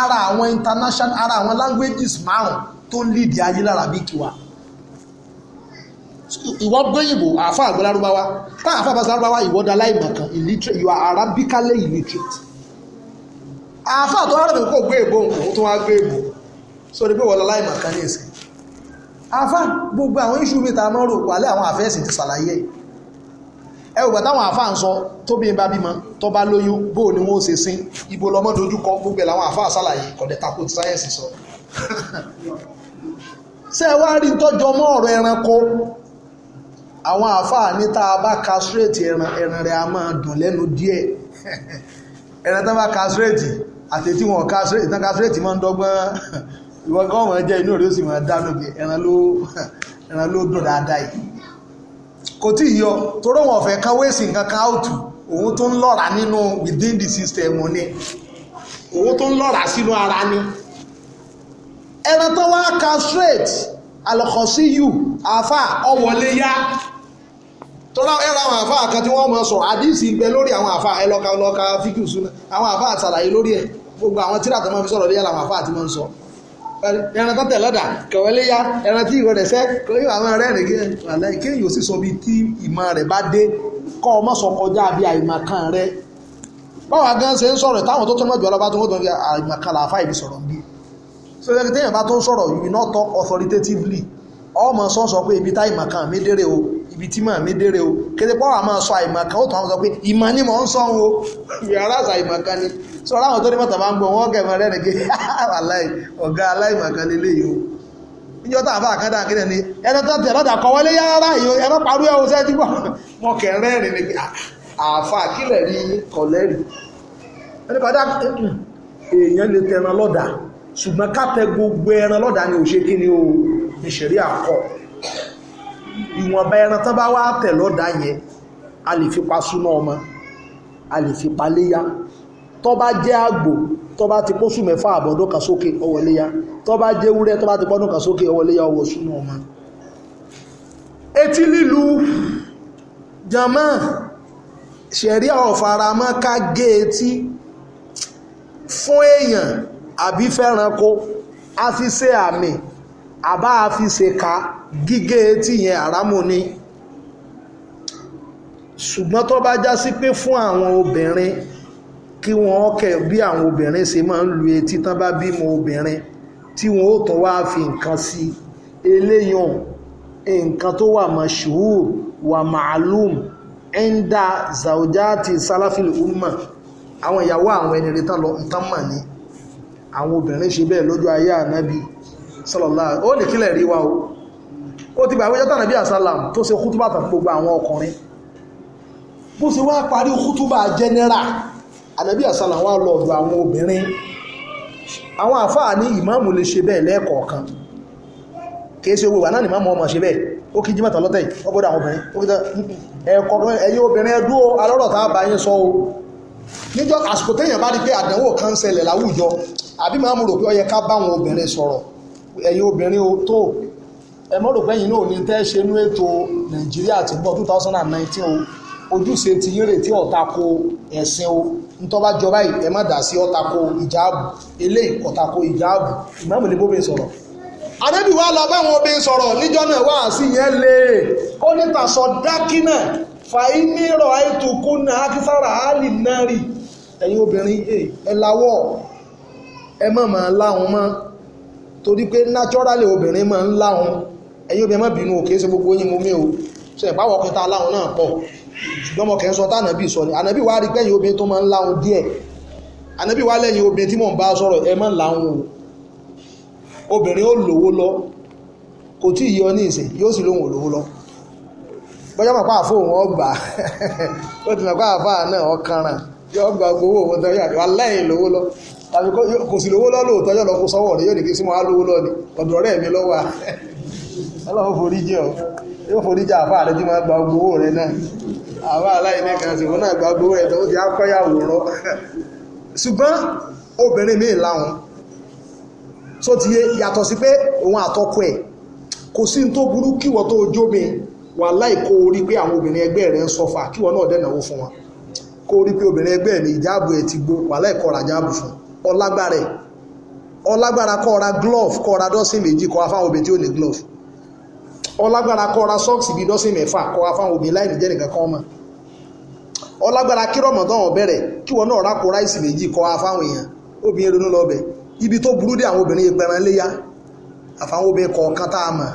[SPEAKER 1] ara àwọn international ara àwọn languages márùn tó ń lead ayé lára bí kí wa ìwọ gbẹ́yìnbó àfa àgbẹ̀ lárúbáwá tá àfa àbáṣe lárúbáwá ìwọ da láìmọ̀kan illiterate you are arabically illiterate àfa àtọ́ arábìnrin kò gbé ègbò nǹkan tó wá gbé ègbò sórí pé wọ́n lọ láìmọ̀kan ní ìsìn àfa gbogbo àwọn iṣu mi ta mọ́rò wàlẹ́ àwọn àfẹ́sìn ti ṣàlàyé yìí ẹwùgbà táwọn àfáà ń sọ tó bí bá bímọ tó bá lóyún bóò ni wọ́n ṣe sin ibo lọmọ dojúkọ gbogbo ẹ̀ làwọn àfáà ṣàlàyé kọ̀dẹ̀ tako ti sáyẹ̀nsì sọ <laughs> ṣé ẹ wá rí tọ́jú ọmọ ọ̀rọ̀ ẹranko àwọn àfáà ní tá a bá castrate ẹran ẹran rẹ̀ a máa dùn lẹ́nu díẹ̀ <laughs> ẹran tán bá castrate àti tí wọn castrate tán castrate máa ń dọ́gbọ́n <laughs> ìwọ gọ́ọ̀mọ̀ jẹ́ inú rẹ̀ ó sì máa dánú pé ẹran ló dùn dáadáa yìí kò tí ì yọ toró wọn ọ̀fẹ́ kan wéèsì nǹkan kan áùtù òun tó ń lọ́ra nínú within the system ni òun tó ń lọ́ra sínú ara ni ẹran tó wá castrate alọ́kọ̀sí yù àáfà ọ̀wọ́lé yá tọ́lá ẹ̀rọ àwọn àáfà kan tí wọ́n mọ̀ sọ̀rọ̀ àdìsí ń bẹ lórí àwọn àáfà ẹlọ́ka ọlọ́ka fíkì àwọn àáfà àtàlàyé lórí ẹ̀ gbogbo àwọn tíra tó máa fi sọ̀rọ̀ lórí àwọn àáfà àti máa sọ̀rọ̀ ẹran tó tẹ̀ lọ́dà kẹ̀wẹ́ léyà ẹran tí ìwọ rẹ̀ sẹ́ kẹ̀wé àwọn ọ̀rẹ́ rẹ̀ kí wàhálà kéèyàn sì sọ bíi tí ìmọ̀ rẹ̀ bá dé kọ́ ọmọ sọ kọjá bíi àìmọ̀kan rẹ̀ báwa gan ṣe ń sọ̀rọ̀ táwọn tó tún mọ̀ jù ọlọ́ba tó wọ́n àìmọ̀kan làáfà ìbí sọ̀rọ̀ ń bí so ẹni téèyàn bá tó ń sọ̀rọ̀ you not talk authoritatively ọmọ sọ sọ pé ibi tá ìmọ̀kan mi dérè o ibi tí màá mi dére o kété pọ́wọ́ àmọ́ sọ àìmọ̀ kan ó tún àwọn sọ pé ìmọ̀ ni mò ń sọ o yàrá àṣà ìmọ̀ kan ni sọ láwọn tó ní mọ̀tà máa ń gbọ́ wọ́n kẹ̀mọ́ rẹ̀ nìké ọ̀gá aláìmọ̀ kan lé léyìí o níjọ́ tá a fà kán dáa kílẹ̀ ni ẹni tó tẹ̀ lọ́dà kọ́ wọlé yára ẹ má parú ẹ o sẹ́ ti gbọ́ mọ kẹ̀rẹ́ rìn ni ah, àfa kílẹ̀ rí kọ̀lẹ́rì ẹni padà èèyàn lè tẹran lọ́dà ṣùgbọ́n ká tẹ gbogbo ẹran lọ́dà ni ò ṣe kí ni o ìṣẹ̀rí àkọ́ ìwọ̀nba ẹran tán bá wá tẹ̀ lọ́dà yẹn a lè fi pa súná ọmọ a lè fi pa léyà tó bá jẹ́ àgbò tó bá ti pósù mẹ́fà àbọ̀dún kan sókè ọwọ́ léyà tó bá jẹ́ ewúrẹ́ tó bá ti pọ́dún kan sókè ọwọ́ léyà ọwọ́ súná ọmọ etí lílu jama ṣẹ̀rí ọ̀faramọ́ ká gé etí fún èèyàn àbí fẹ́ranko a fi ṣe àmì àbá fi ṣèkà gígé etí yẹn àrámù ni ṣùgbọ́n tó bá já sí pé fún àwọn obìnrin kí wọ́n kẹ̀ bí àwọn obìnrin ṣe máa ń lu etí tán bá bímọ obìnrin tí wọ́n ó tún wá fi nǹkan sí eléyàn nǹkan tó wà mọ̀ṣúù wà màálùm ẹ̀ńdà zaujati salafil umma àwọn ìyàwó àwọn ẹni retán lọ ntán mà ní àwọn obìnrin ṣe bẹ́ẹ̀ lọ́jọ́ ayé ànábì sọlọ́lá ó lè kílẹ̀ rí wa o ó ti gbàgbé jọ́tà nàbí àsálàm tó ṣe kútúbà tàn gbogbo àwọn ọkùnrin bó ṣe wá parí kútúbà jẹ́nẹ́rà ànàbí àsálàm wá lọ ọ̀dọ̀ àwọn obìnrin àwọn àfáà ní ìmáàmù lè ṣe bẹ́ẹ̀ lẹ́ẹ̀kọ̀ọ̀kan kìí ṣe owó ìwà náà ni máàmù ọmọ ṣe bẹ́ẹ̀ ó kí jímọ̀tà lọ́tẹ̀ yìí ọgbọ́dọ̀ àwọn obìnrin ó kí jẹ́ ẹ̀kọ́ ẹ̀yin obìnrin ẹdú alọ́rọ̀ tá rò pé ó ká báwọn obìnrin sọ̀rọ̀ ẹ̀yin obìnrin o tó ẹ mọ́ rò pé ẹ̀yin náà ní tẹ́ ṣe nú ètò nàìjíríà tí ń bọ̀ two thousand and nineteen o ojúṣe ti yín retí ọ̀tá ko ẹ̀sìn o ntọ́ba jọba yìí ẹ má dà sí ọ̀tá ko ìjáàbù eléyìí ọ̀tá ko ìjáàbù ìmáàmù ní bóbin sọ̀rọ̀ àdébì wa lọ báwọn obìn sọ̀rọ̀ níjọ́ náà wá sí yẹn lé ó ní tàṣọ dákínà fàínírọ̀ àìtùkúnà akísára àálì náà rí ẹ̀yin obìnrin ẹ̀ eh, ẹ̀ láwọ̀ ẹ má máa láwọn mọ́ torí pé naturally obìnrin máa ń láhun ẹ̀yin obìnrin ma bínú òkè ṣe gbogbo yín mú mi o ṣe ìpáwọ̀ ọkùnrin tá láhun náà pọ̀ ṣùgbọ́n kẹ́ ń sọ ni ànábì wá rí pẹ́yìn obìnrin tó máa ń láhun díẹ̀ ànábì wá lẹ́yìn obìnrin tí mò ń bá sọ̀rọ̀ ẹ láhun o obìnrin ó lọ kò tí ì yọ ní ìsìn yóò sì lọ bọ́jọ́ mọ̀ pàfó òun ọgbà ó ti mọ̀ pàfó àná yọ lọ tàbí kò sì lówó lọ́lọ́ òtọ́jọ́ lọ kó sọ́wọ́ rẹ̀ yóò ní kí sí wọn á lówó lọ́ni ọ̀dọ̀ rẹ̀ mi lọ́wọ́ <laughs> ọlọ́run forí jẹ́ ọ yóò forí jẹ́ àfáà rẹ̀ tí máa gba gbowó rẹ̀ náà àfáà aláìní kan sì wọ́n náà gba gbowó rẹ̀ tó ti á kọ́ yàwó rọ <laughs> ṣùgbọ́n obìnrin míì láwọn tó ti yàtọ̀ sí pé òun kò sí tó burú kíwọ́ tó jóbin wà láì orí pé àwọn obìnrin ẹgbẹ́ rẹ̀ ń sọfà kíwọ́ náà dẹ̀nàwó fún wọn kó orí pé obìnrin ẹgbẹ́ mi ìjáàbù ẹ̀ ti gbó wà láì kọ́ra fún ọlágbára ẹ̀ ọlágbára kọ́ ra glove kọ́ ra dọ́sìn méjì kọ́ afáwọn obìnrin tí ó ní glove ọlágbára kọ́ ra socks bíi dọ́sìn mẹ́fà kọ́ afáwọn obìnrin láì nìjẹ́ nìkan kan mọ̀ ọlágbára kí rọ̀mọ̀dán ọ̀bẹ̀rẹ̀ kí wọn náà ráìsì méjì afáwọn èèyàn obìnrin ronú ibi tó burú dé àwọn obìnrin ìpẹran léyà àfáwọn obìnrin tá a mọ̀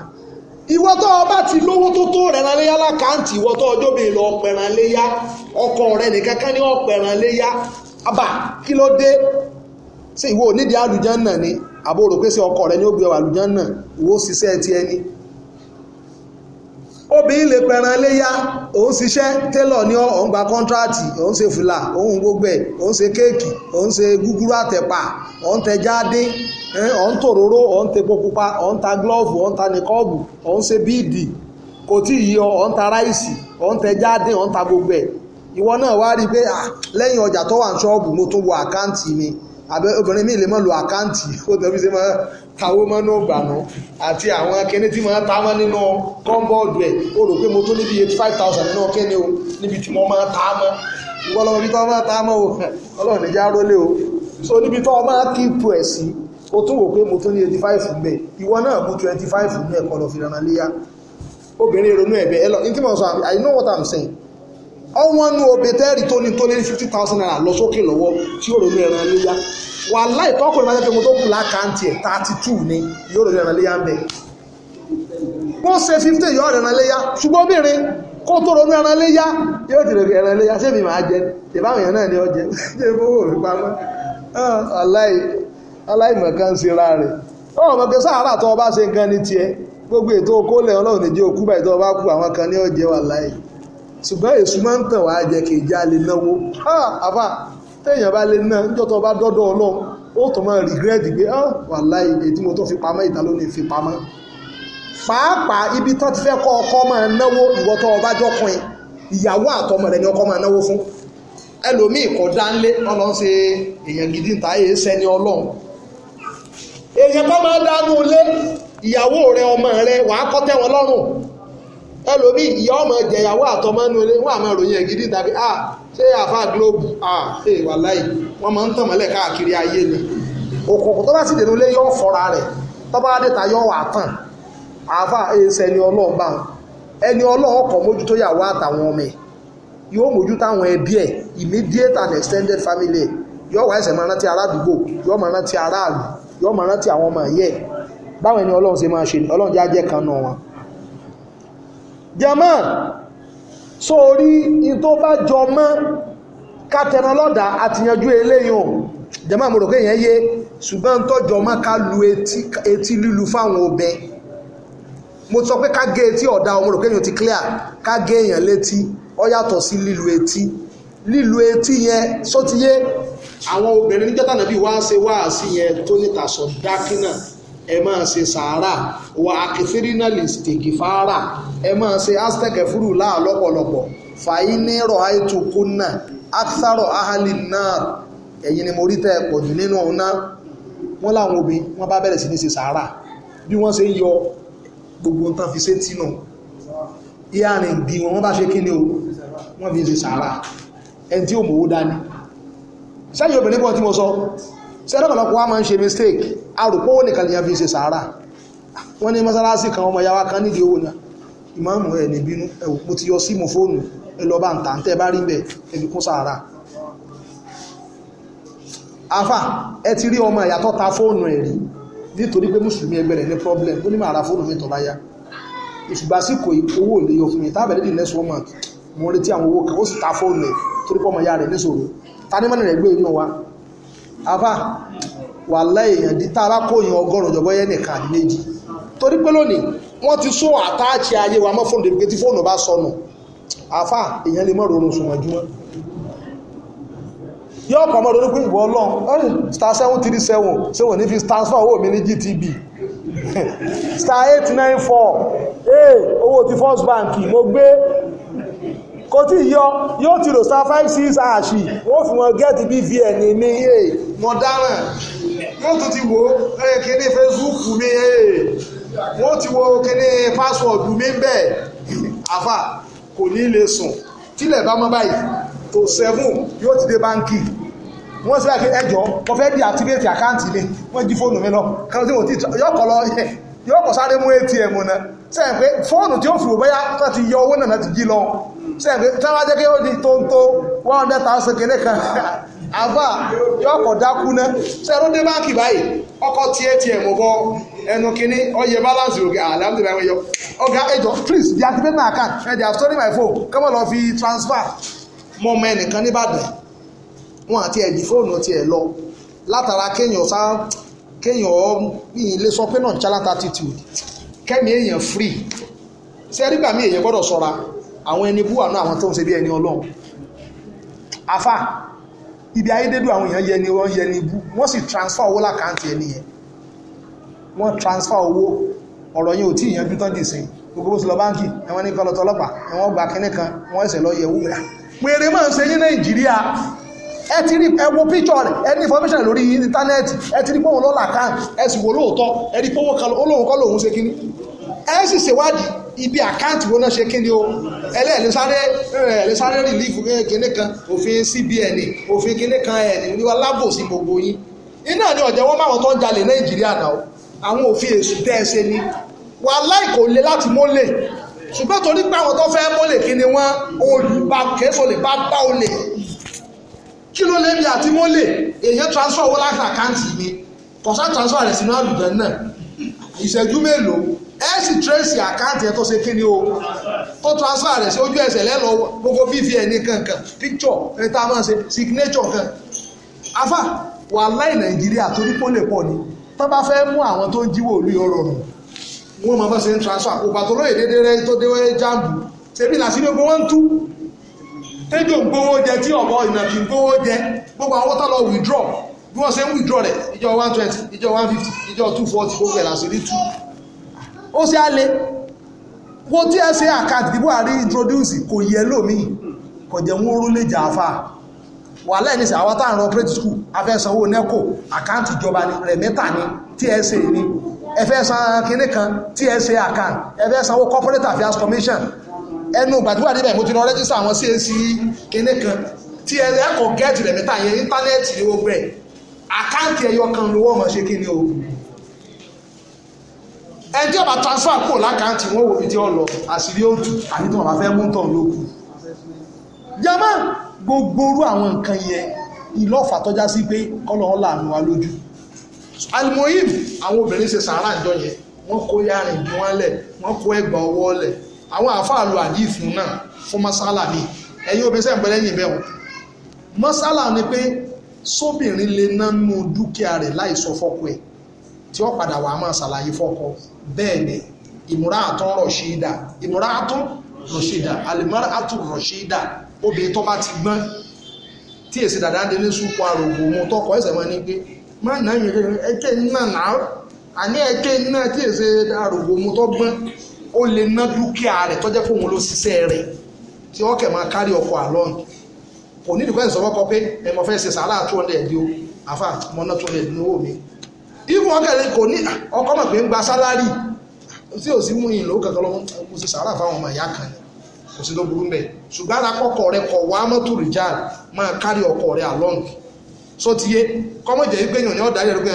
[SPEAKER 1] ìwọ ọba ti lówó tó tó rẹ̀ ṣé ìwọ onídìí àlùjànnà ni àbò rò pé ṣé ọkọ rẹ ni ó gbé ọ àlùjànnà ìwọ ṣiṣẹ́ ti ẹni obìnrin lè pẹran léyà òun ṣiṣẹ́ télọ̀ ni òun gba kọ́ńtrátì òun ṣe fìlà òun gbogbo ẹ̀ òun ṣe kéèkì òun ṣe gúgúrú àtẹ̀pà òun tẹja dín òun tòróró òun tepo pupa òun ta glove òun ta nìkọ́ọ̀bù òun ṣe bíìdì kò tí ì yọ òun ta ráìsì òun tẹja dín òun ta gbogbo ẹ̀ ìwọ náà wá rí i pé lẹ́yìn ọjà tó wà ní ṣọ́ọ̀bù mo tún wo àkáǹtì mi àbẹ obìnrin míì lè mọ́ lo àkáǹtì ó tẹ̀bí sí máa tawó mọ́ ní ògbànú àti àwọn kíní tí máa tamọ́ nínú kọ́ńbọ́ọ̀dù ẹ̀ ó rò pé mo tó níbi eighty five thousand nínú kíní o níbi tí mo máa ta mọ́ ìwọ lọ́wọ́ bí tó máa ta mọ́ o ọlọ́run níjà rólé o so níbi tó máa kí ipò ẹ̀ sí o tún wò pé mo tó ní eighty five mbẹ ìwọ náà mú twenty five mbẹ kọ́ lọ fi rànà léyà obìnrin ronú ẹ̀bẹ̀ ẹ lọ ní tí mo I know what I'm saying ọwọ́n nu òbí tẹ́rì tó fifty thousand naira lọ sókè lọwọ tí yóò ronú ẹran tọkùnrin máa mo tó thirty two ni yóò ẹran léyà ń bẹ̀. ṣe fifty yóò ronú ẹran ṣùgbọ́n kó tó ronú ẹran léyà yóò dìrò ẹran ṣé mi máa jẹ náà ni ó jẹ pamọ́ ah, sáárà tó o bá ṣe nǹkan ní tiẹ̀ gbogbo ètò ọlọ́run òkú báyìí tó o ṣùgbọ́n èṣù máa ń tàn wá jẹ́ kì í já lè náwó àbá téèyàn bá lè ná níjọ́ tó bá dọ́dọ̀ ọlọ́run ó tó máa rìgírẹ́ẹ̀tì pé ah, wàláì èyí tí mo tó fi pamọ́ ìta lónìí fi pamọ́ pàápàá ibi tó ti fẹ́ kọ́ ọkọ máa náwó ìwọ tó ọba jọkùnrin ìyàwó àtọmọ rẹ̀ ni ọkọ máa náwó fún ẹlòmíì kọ dánlé ọlọ́run ṣe èèyàn gidi ń ta èyí sẹ́ni ọlọ́run èèyàn tó máa dánú ilé ìyàwó rẹ̀ ọmọ rẹ̀ wàá kọ́ tẹ́wọn lọ́rùn ẹlòmí ìyá ọmọ jẹyàwó àtọmọ nínú ilé wọn àmọ́ ìròyìn ẹgidi tàbí a ah, ṣé àfa globe a ah, ṣe ìwà láì wọn máa ń tàn mọ́lẹ̀ káàkiri ayé ni òkùnkùn tó bá sì dènú ilé yóò fọ́ra rẹ̀ tó bá dé ta yóò wà tàn àfa ẹsẹ ni Ọlọ́run bá wọn ẹni Ọlọ́run kọ mójútó yàwó àtàwọn ọmọ ẹ̀ yóò mójútó àwọn ẹbí ẹ̀ immediate and extended family yóò wá ẹsẹ̀ máa rántí aládùúgbò yóò máa rántí aráàlú yóò máa rántí àwọn ọmọ ẹ̀yẹ báwọn ẹni Ọlọ́run ṣe máa ṣe Ọlọ́run jẹ́ ajẹ́ kan náà wọn jẹmọ́ sórí ìtó bá jọ mọ́ kátẹran lọ́dà àtìyànjú eléyìn jẹmọ́ mo rò kéèyàn yé ṣùgbọ́n tọ́jọ mọ́ ká lu etí lílu fáwọn obẹ mo sọ pé ká gé etí ọ̀dà ọmọ rò kéèyàn ti clear ká gé èèyàn létí ó yàtọ̀ sí lílu etí lílu etí yẹn sótiyé àwọn obìnrin níjọ́tà nàbí wá ń ṣe wáàsí yẹn tó níta sọ dákínà ẹ máa ṣe sàárà wà àkìfírínàlìsì gìfàárà ẹ máa ṣe aztec fúrú láà lọ́pọ̀lọpọ̀ fàínírọ̀ àìtú kùnà àkìsàrọ̀ ahali náà ẹ̀yin ni mo rí tẹ́ pọ̀ jù nínú ọ̀nà wọ́n láwọn obì wọ́n bá bẹ̀rẹ̀ sí ní ṣe sàárà bí wọ́n ṣe ń yọ gbogbo nǹkan fi ṣe tínú ìyáàrin bí wọn bá ṣe kí ni o wọ́n fi ṣe sàárà ẹni tí ò mọ̀wó dání sẹ́yìn obìnrin kan tí mo sọ sẹ́dọ̀pọ̀lọpọ̀ wa máa ń ṣe mistake arùpọ̀ owó nìkan lèyàn fi ṣe sàárà wọ́n ní mọ́sálásí kan ọmọ yàwá kan nídìí owó ni ìmáàmù ẹ̀ níbínú ẹ̀wò mo ti yọ símù fóònù ẹ lọ bá ń tà bá rí bẹ́ẹ̀ ẹbí sàárà afa ẹ ti rí ọmọ ìyàtọ̀ ta fóònù ẹ̀ rí nítorí pé mùsùlùmí ẹgbẹ́ rẹ̀ ní problem ó ní màá ra fóònù mi tó yá ìṣùgbàsíkò owó ò lè yọ fún mi tábẹ̀lẹ́ di next one month mo retí àwọn owó kan ta fóònù ẹ̀ torí pé ọmọ ìyá ta ní mọ́nà rẹ̀ wa Afa, wà láyèyàn di tara kó yan ọgọ́rùn-ún jọ bọ́yẹ́ nìkan àti méjì torí pé lónìí wọ́n ti sún àtáàchì ayé wa mọ́ fóònù débi pé tí fóònù bá sọnù afá èèyàn lè mọ́ ronú sùn mọ́júmọ́ yóò kàn mọ́ ronú pé ìwọ ọlọ́run star seven three seven ṣé wọ́n ní fi transfer owó mi ní GTB <laughs> star eight nine four ee owó ti first bank mo gbé kò tí yọ yóò ti rò star five six àṣì wọ́n fi wọn gẹ́ẹ̀tì bvn mi ee mo dáràn wọ́n tún ti wò ó kéde facebook mi ee wọ́n ti wo kéde password mi bẹ́ẹ̀ àfà kò ní lè sùn tílẹ̀ bá mọ́ báyìí tó seven yóò ti dé báńkì wọ́n sì láti ẹjọ́ mo fẹ́ di activate àkáǹtì mi wọ́n jí fóònù mi lọ kan mo ti yọ kọ́ lọ yọ kọ́ sáré mú atm náà sẹ́yìn pé fóònù tí ó fi wò bẹ́yà kan yọ owó náà ti jí lọ sẹ́ẹ̀kì tí wọ́n jẹ́ kí ó di tó one hundred thousand kìíní kan <laughs> àbá yóò kọ̀ dákú ná sẹ́ẹ̀rù dé báńkì báyìí ọkọ̀ tí atm bọ ẹnu kìíní ọyẹ balance òkè àlàmdè báyìí yọ ọgá ẹjọ please deactivate my account ẹ na have story my phone kọ́mọ̀ lọ fi transfer mọ́ ọmọ ẹnìkan nìbàdàn wọn àti ẹ̀dì fóònù tiẹ̀ lọ látara kéèyàn sá kéèyàn ọ ní ilé sọ pé náà ń challenge attitude kẹ́mi èèyàn free sẹ́ẹ̀rì gbà mí èèyàn gbọ́dọ̀ àwọn ẹni búwà náà àwọn tó ń ṣe bí ẹni ọlọ́run afá ibi ayédédú àwọn èèyàn yẹni wọ́n yẹni ibú wọ́n sì transfer owó lákàntì ẹni yẹn wọ́n transfer owó ọ̀rọ̀ yìí ò tí ìyẹn dútọ́ dì sí gbogbo bó ti lọ báńkì ẹ̀wọ̀n ní kọlọtọ ọlọ́pàá ẹ̀wọ̀n gba kínní kan wọ́n ẹsẹ̀ lọ yẹ̀wò rẹ̀ pèrè máa ń ṣe yín nàìjíríà ẹ ti rí ẹ wo picture rẹ̀ ẹ ní information lórí íńtánẹ́ẹ̀tì ẹ ti rí pọ́wọ́ lọ́là kan ẹ sì wò lóòótọ́ ẹ rí pọ́wọ́ kan olóhùn kọ́ lòun ṣe kínní ẹ sì ṣèwádìí ibi àkáǹtì wo náà ṣe kí ni o ẹlẹ́ẹ̀lẹ́sáré ẹlẹ́sáré rìlífù kíní kan òfin CBN òfin kíní kan ẹ̀ ní wíwá lábòsí gbogbo yín iná ni ọ̀jẹ̀ wọn máwọn tó ń jalè Nàìjíríà náà àwọn òfin èṣù tẹ́ ẹ ṣe ni wàhálà kò le láti mólè ṣùgbọ́n torí pé àwọn tó fẹ́ mólè kí ni wọ́n olùbá kẹ́sọ̀ lè bá bá olè kí ló lè bí àti mólè èèyàn transfer owó láti àkáǹtì mi kọ̀sá transfer rẹ̀ sínú àlùjẹ náà ìṣẹ́jú mélòó ẹ sì tírèsì àkáǹtì ẹ tó ṣe kí ni o tó transfer rẹ̀ sí ojú ẹsẹ̀ lẹ́nu gbogbo vvn kankan picture ẹni tá a máa ṣe signature kan afa wàláì nàìjíríà torí pọ́ lè pọ̀ ni tó bá fẹ́ mú àwọn tó ń jíwò orí ọ̀rọ̀ rùn wọ́n máa bá ṣe ń transfer ògbà tó lóye déédéé rẹ tó déwé jáàmù ṣebí làṣírí ogun wọ́n ń tú tẹ́jọ ń gbówó jẹ tí ọmọ ìnàkì ń gbówó jẹ gbogbo àwọn tó lọ withdraw bí wọ́n ṣe ń withdraw rẹ̀ ìjọ one twenty ìjọ one fifty ìjọ two forty gbogbo ẹ̀ làṣírí two ó ṣe á le wo tí ẹ ṣe àkáǹtì tí Buhari introduce kò yẹ lómi kò jẹ́ wọ́n rú lè jà fà wà lẹ́yìn nísìnyí àwọn táwọn ọ̀rọ̀ school afẹ́sanwó neco àkáǹtì ìjọba ni rẹ̀mẹ́ta ni TSA ni ẹ fẹ́ san kinní kan TSA account ẹ fẹ́ sanwó corporate affairs commission ẹnu gbàdúrà níbẹ̀ mo ti lọ rẹ́jísà àwọn CAC kinní kan TSA ẹ̀kọ́ gẹ́ẹ̀tì rẹ̀mẹ́ta yẹn íńtánẹ́ẹ̀tì ni ó gbẹ̀ àkáǹtì ẹyọ kan lówó ọmọ ṣe kí ni ẹni tí ó bá transfer kúrò lákàntì wọ́n wò mí tí ó lọ àṣírí ó tú àbí tí wọ́n bá fẹ́ mú tàn ló kù jama gbogbo orú àwọn nǹkan yẹn ìlọ́fà tọ́já sí pé kọ́lọ̀ ọ́là àmì wa lójú alimoyim àwọn obìnrin ṣe sàárà ìjọ yẹn wọ́n kó yárin bí wọ́n lẹ̀ wọ́n kó ẹgbà ọwọ́ lẹ̀ àwọn àáfàá lu àdífún náà fún masala mi ẹ̀yin obìnrin sẹ́yìn pẹ̀lẹ́ yìí bẹ́ẹ̀ masala ni pé sóbìnrin lè nánú dúkìá rẹ̀ láì sọ fọ́kọ ẹ̀ tí ó padà wà máa ṣàlàyé fọ́kọ bẹ́ẹ̀ ni ìmúra àtún rọ̀ṣídà ìmúra àtún rọ̀ṣídà àlìmọ́ra àtún rọ̀ṣídà obìnrin tó bá ti gbọ́n tí èsì dàdá dé ní sùpọ̀ àrògbò mu tọkọ ẹsẹ̀ mọ́ ni pé má nà mí ẹkẹ́ náà nà á àní ẹkẹ́ náà tí èsì àrògbò mu tó gbọ́n ó lè ná dúkìá rẹ̀ tọ́jẹ́ fóun ló ṣiṣẹ́ rẹ̀ tí wọ́n kẹ̀ máa kárí ọkọ̀ àlọ́n kò ní ìdíkọ́ ìsọ̀wọ́kọ pé ẹ mọ̀ fẹ́ ṣe sàárà two hundred yìí o àfà mọ́ná two hundred ní owó mi ìfún ọkẹ̀lẹ̀ kò ní ọkọ mọ̀ pé ń gba sálárì tí ò sí mú ìlò kankan lọ́wọ́ mo ṣe sàárà fáwọn ọmọ ìyá kan ni kò sí tó burú mbẹ ṣùgbọ́n alákọ̀ọ́kọ̀ rẹ kọ̀ wá mọ́tò rìjáàl máa kárí ọkọ̀ rẹ along so ti yé kọ́mọ̀ jẹ́ wípé èèyàn ní ọ̀dà ilé ẹ̀rú pé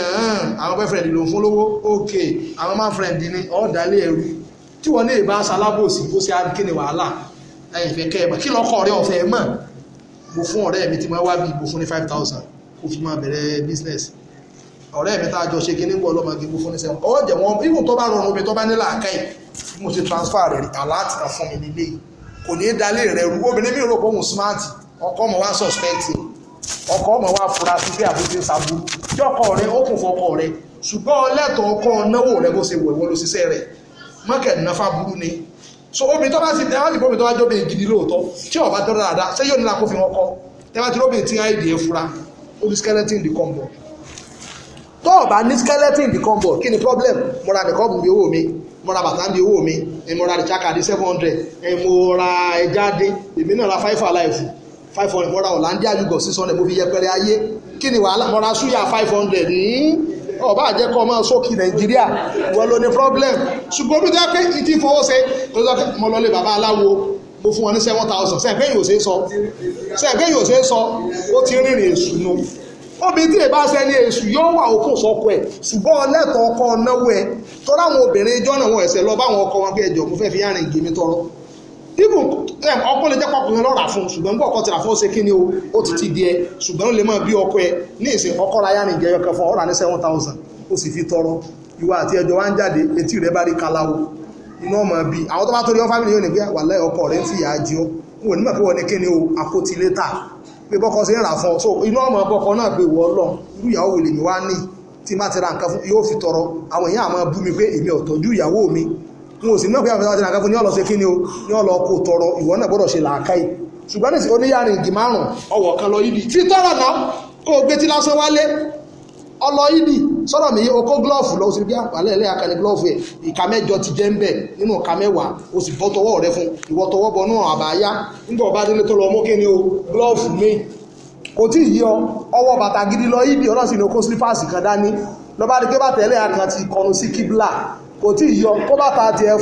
[SPEAKER 1] àwọn boyfriend ló ń fún lówó ok àwọn man friend ni ọ̀dà ilé ẹ̀rú tí wọ́n lè bá ṣalábòsí bó ṣe á kí ni wàhálà ẹ̀yìn fẹ́ kẹ́ ẹ̀ mọ̀ kí lọ́kọ̀ rẹ ọ̀fẹ́ mọ̀ mo fún ọ̀rẹ́ mi ti máa wá bí mo fún ní five thousand kó fi máa bẹ̀rẹ̀ business ọ̀rẹ́ mi tá a jọ ṣe kí nígbà ọlọ́mọ gígùn fún ní sẹ́wọ̀n ọwọ́ jẹ̀ wọ́n ibùn tó bá rọrùn omi tó bá nílà àkáì mo ti transfer rẹ̀ aláàtì kan fún mi nílé kò ní í dalé rẹ̀ rú obìnrin mi rò pé òun smart ọkọ ọmọ wa suspect ọkọ ọmọ wa fura sí pé àbúté sabu jọkọ rẹ ó kún fọkọ rẹ ṣùgbọ́n lẹ́tọ̀ ọkọ náwó rẹ bó ṣe wọ̀ ìwọ ló ṣiṣẹ́ rẹ market nafa burú ni so omi tó bá ti tẹ́ wájú omi tó bá jóbe gidi lóòótọ́ tí ọba tó dáadáa ṣé yóò nílá kó fi wọn kọ́ tẹ́wájú lóbi tí áìdì ẹ̀ fura ó skeleton di combo tó o bá ní skeleton in the combo kí ni problem mo ra nìkan bí owó mi mo ra bàtà bí owó mi mo ra nìchaka di seven hundred mo ra ẹja dín èmi náà ra five alive five hundred mo ra ọ̀làndí àjùgọ̀ six hundred mo fi yẹpẹrẹ ayé kí ni wàhálà mo ra suya five hundred ní ọba àjẹkọ ọmọ sókè nàìjíríà wọ́n ló ní problem ṣùgbọ́n mi jẹ́ pé ìdí fọwọ́ ṣe tó sọ pé mo lọ lé bàbá aláwo mo fún wọn ní seven thousand sẹ́ẹ̀gbẹ́ yìí ò ṣe é sọ sẹ́ẹ̀gbẹ́ yìí ò ṣe é sọ ó ti rìnrìn èṣù nù obìnrin tí èbá sẹ́ni èṣù yóò wà òkú sọ́kọ ẹ̀ ṣùgbọ́n ọlẹ́tọ̀ ọkọ náwó ẹ̀ tó láwọn obìnrin ijọ́ wọn ẹ̀sẹ̀ lọ báwọn ọkọ wọn pé ẹjọ́ mo fẹ́ fi yárin gèmi tọrọ even ọkọ lè jẹ́ pọkùnrin lọ́ra fún ṣùgbọ́n gbọ́ ọkọ tìrà fún ṣe kíni o ó ti ti di ẹ ṣùgbọ́n ó lè mọ̀ bí ọkọ ẹ ní ìsìn ọkọ ra yárin jẹyọ kan fún ọ̀rà ní seven thousand ó sì fi tọrọ ìwà àti ẹjọ́ wa ń jáde etí rẹ bá rí kalawo iná ọmọ bí àwọn tó bá torí ọ fámìlì yóò ní pé wàlẹ́ ọkọ rẹ ń fìyà jẹ wọn ò ní mọ̀ pé wọn ní kíni o àpótí létà pé bọ́kọ sí ìrà fún ọ so inú ọmọ bọ́kọ náà pé wọ́ lọ irú ìyàwó wo lèmi wá ní tí má ti ra nǹkan fún yóò fi tọrọ àwọn èèyàn àmọ́ bú mi pé èmi ò tọ́jú ìyàwó mi n ò sì mọ̀ pé àwọn èèyàn fún ní ọ̀lọ́ ni o ní ọ̀lọ́ kò tọrọ ìwọ náà ọlọ ibi sọ̀rọ̀ mi okó glọ́ọ̀fù lọ òsì bí àpàlẹ́ ẹlẹ́yà kan ní glọ́ọ̀fù ẹ̀ ìka mẹ́jọ ti jẹ́ ń bẹ̀ nínú ìka mẹ́wàá o sì bọ́ tọwọ́ rẹ fún ìwọ tọwọ́ bọ náà àbáyá nígbà ọba délé tó lọ mú kí ni o glọ́ọ̀fù mi kò tí yí ọ ọwọ́ bàtà gidi lọ ibi ọlọ́sìn ní okó slipasi kan dání lọ́ba dé bàtà ẹlẹ́yà kan ti kọnu sí kíbla kò tí ì yí ọ bàtà tiẹ̀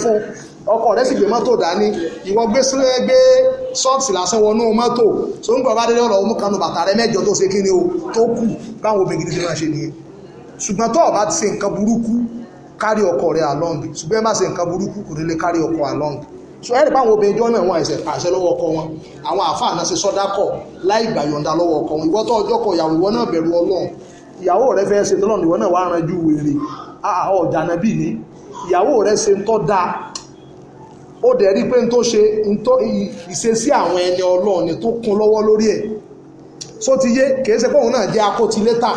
[SPEAKER 1] sọ́ọ̀tì lásán wọnú mọ́tò tó ń gbọ̀bá délé ọ̀rọ̀ ọmú kanú bàtà rẹ mẹ́jọ tó ṣe kí ni o tó kù báwọn obìnrin gidi máa ṣe nìyẹn ṣùgbọ́n tó ọba ti ṣe nǹkan burúkú kárí ọkọ rẹ along ṣùgbọ́n ẹ má ṣe nǹkan burúkú kò nílé kárí ọkọ along so ẹ̀rì báwọn obìnrin jọ náà wọ́n ẹ̀sẹ̀ pàṣẹ lọ́wọ́ ọkọ wọn àwọn àáfàá náà ṣe sọ́dá kọ̀ láì gbàyọ̀ǹda lọ́wọ́ ọkọ wọn ìwọ́tọ̀ ọjọ́ kọ ìyàwó ìwọ náà bẹ̀rù ọlọ́run ìyàwó rẹ fẹ́ ṣe tọ́lọ́run ìwọ náà wàá ranjú wèrè ọ̀jà nàbì ni ìyàwó rẹ ṣe ń tọ́ dáa o dẹ̀ rí pé n tó ṣe ìṣesí àwọn ẹni ọlọ́run ni tó kún lọ́wọ́ lórí ẹ̀ ti yé kìí ṣe pọ́n náà jẹ́ akótilétà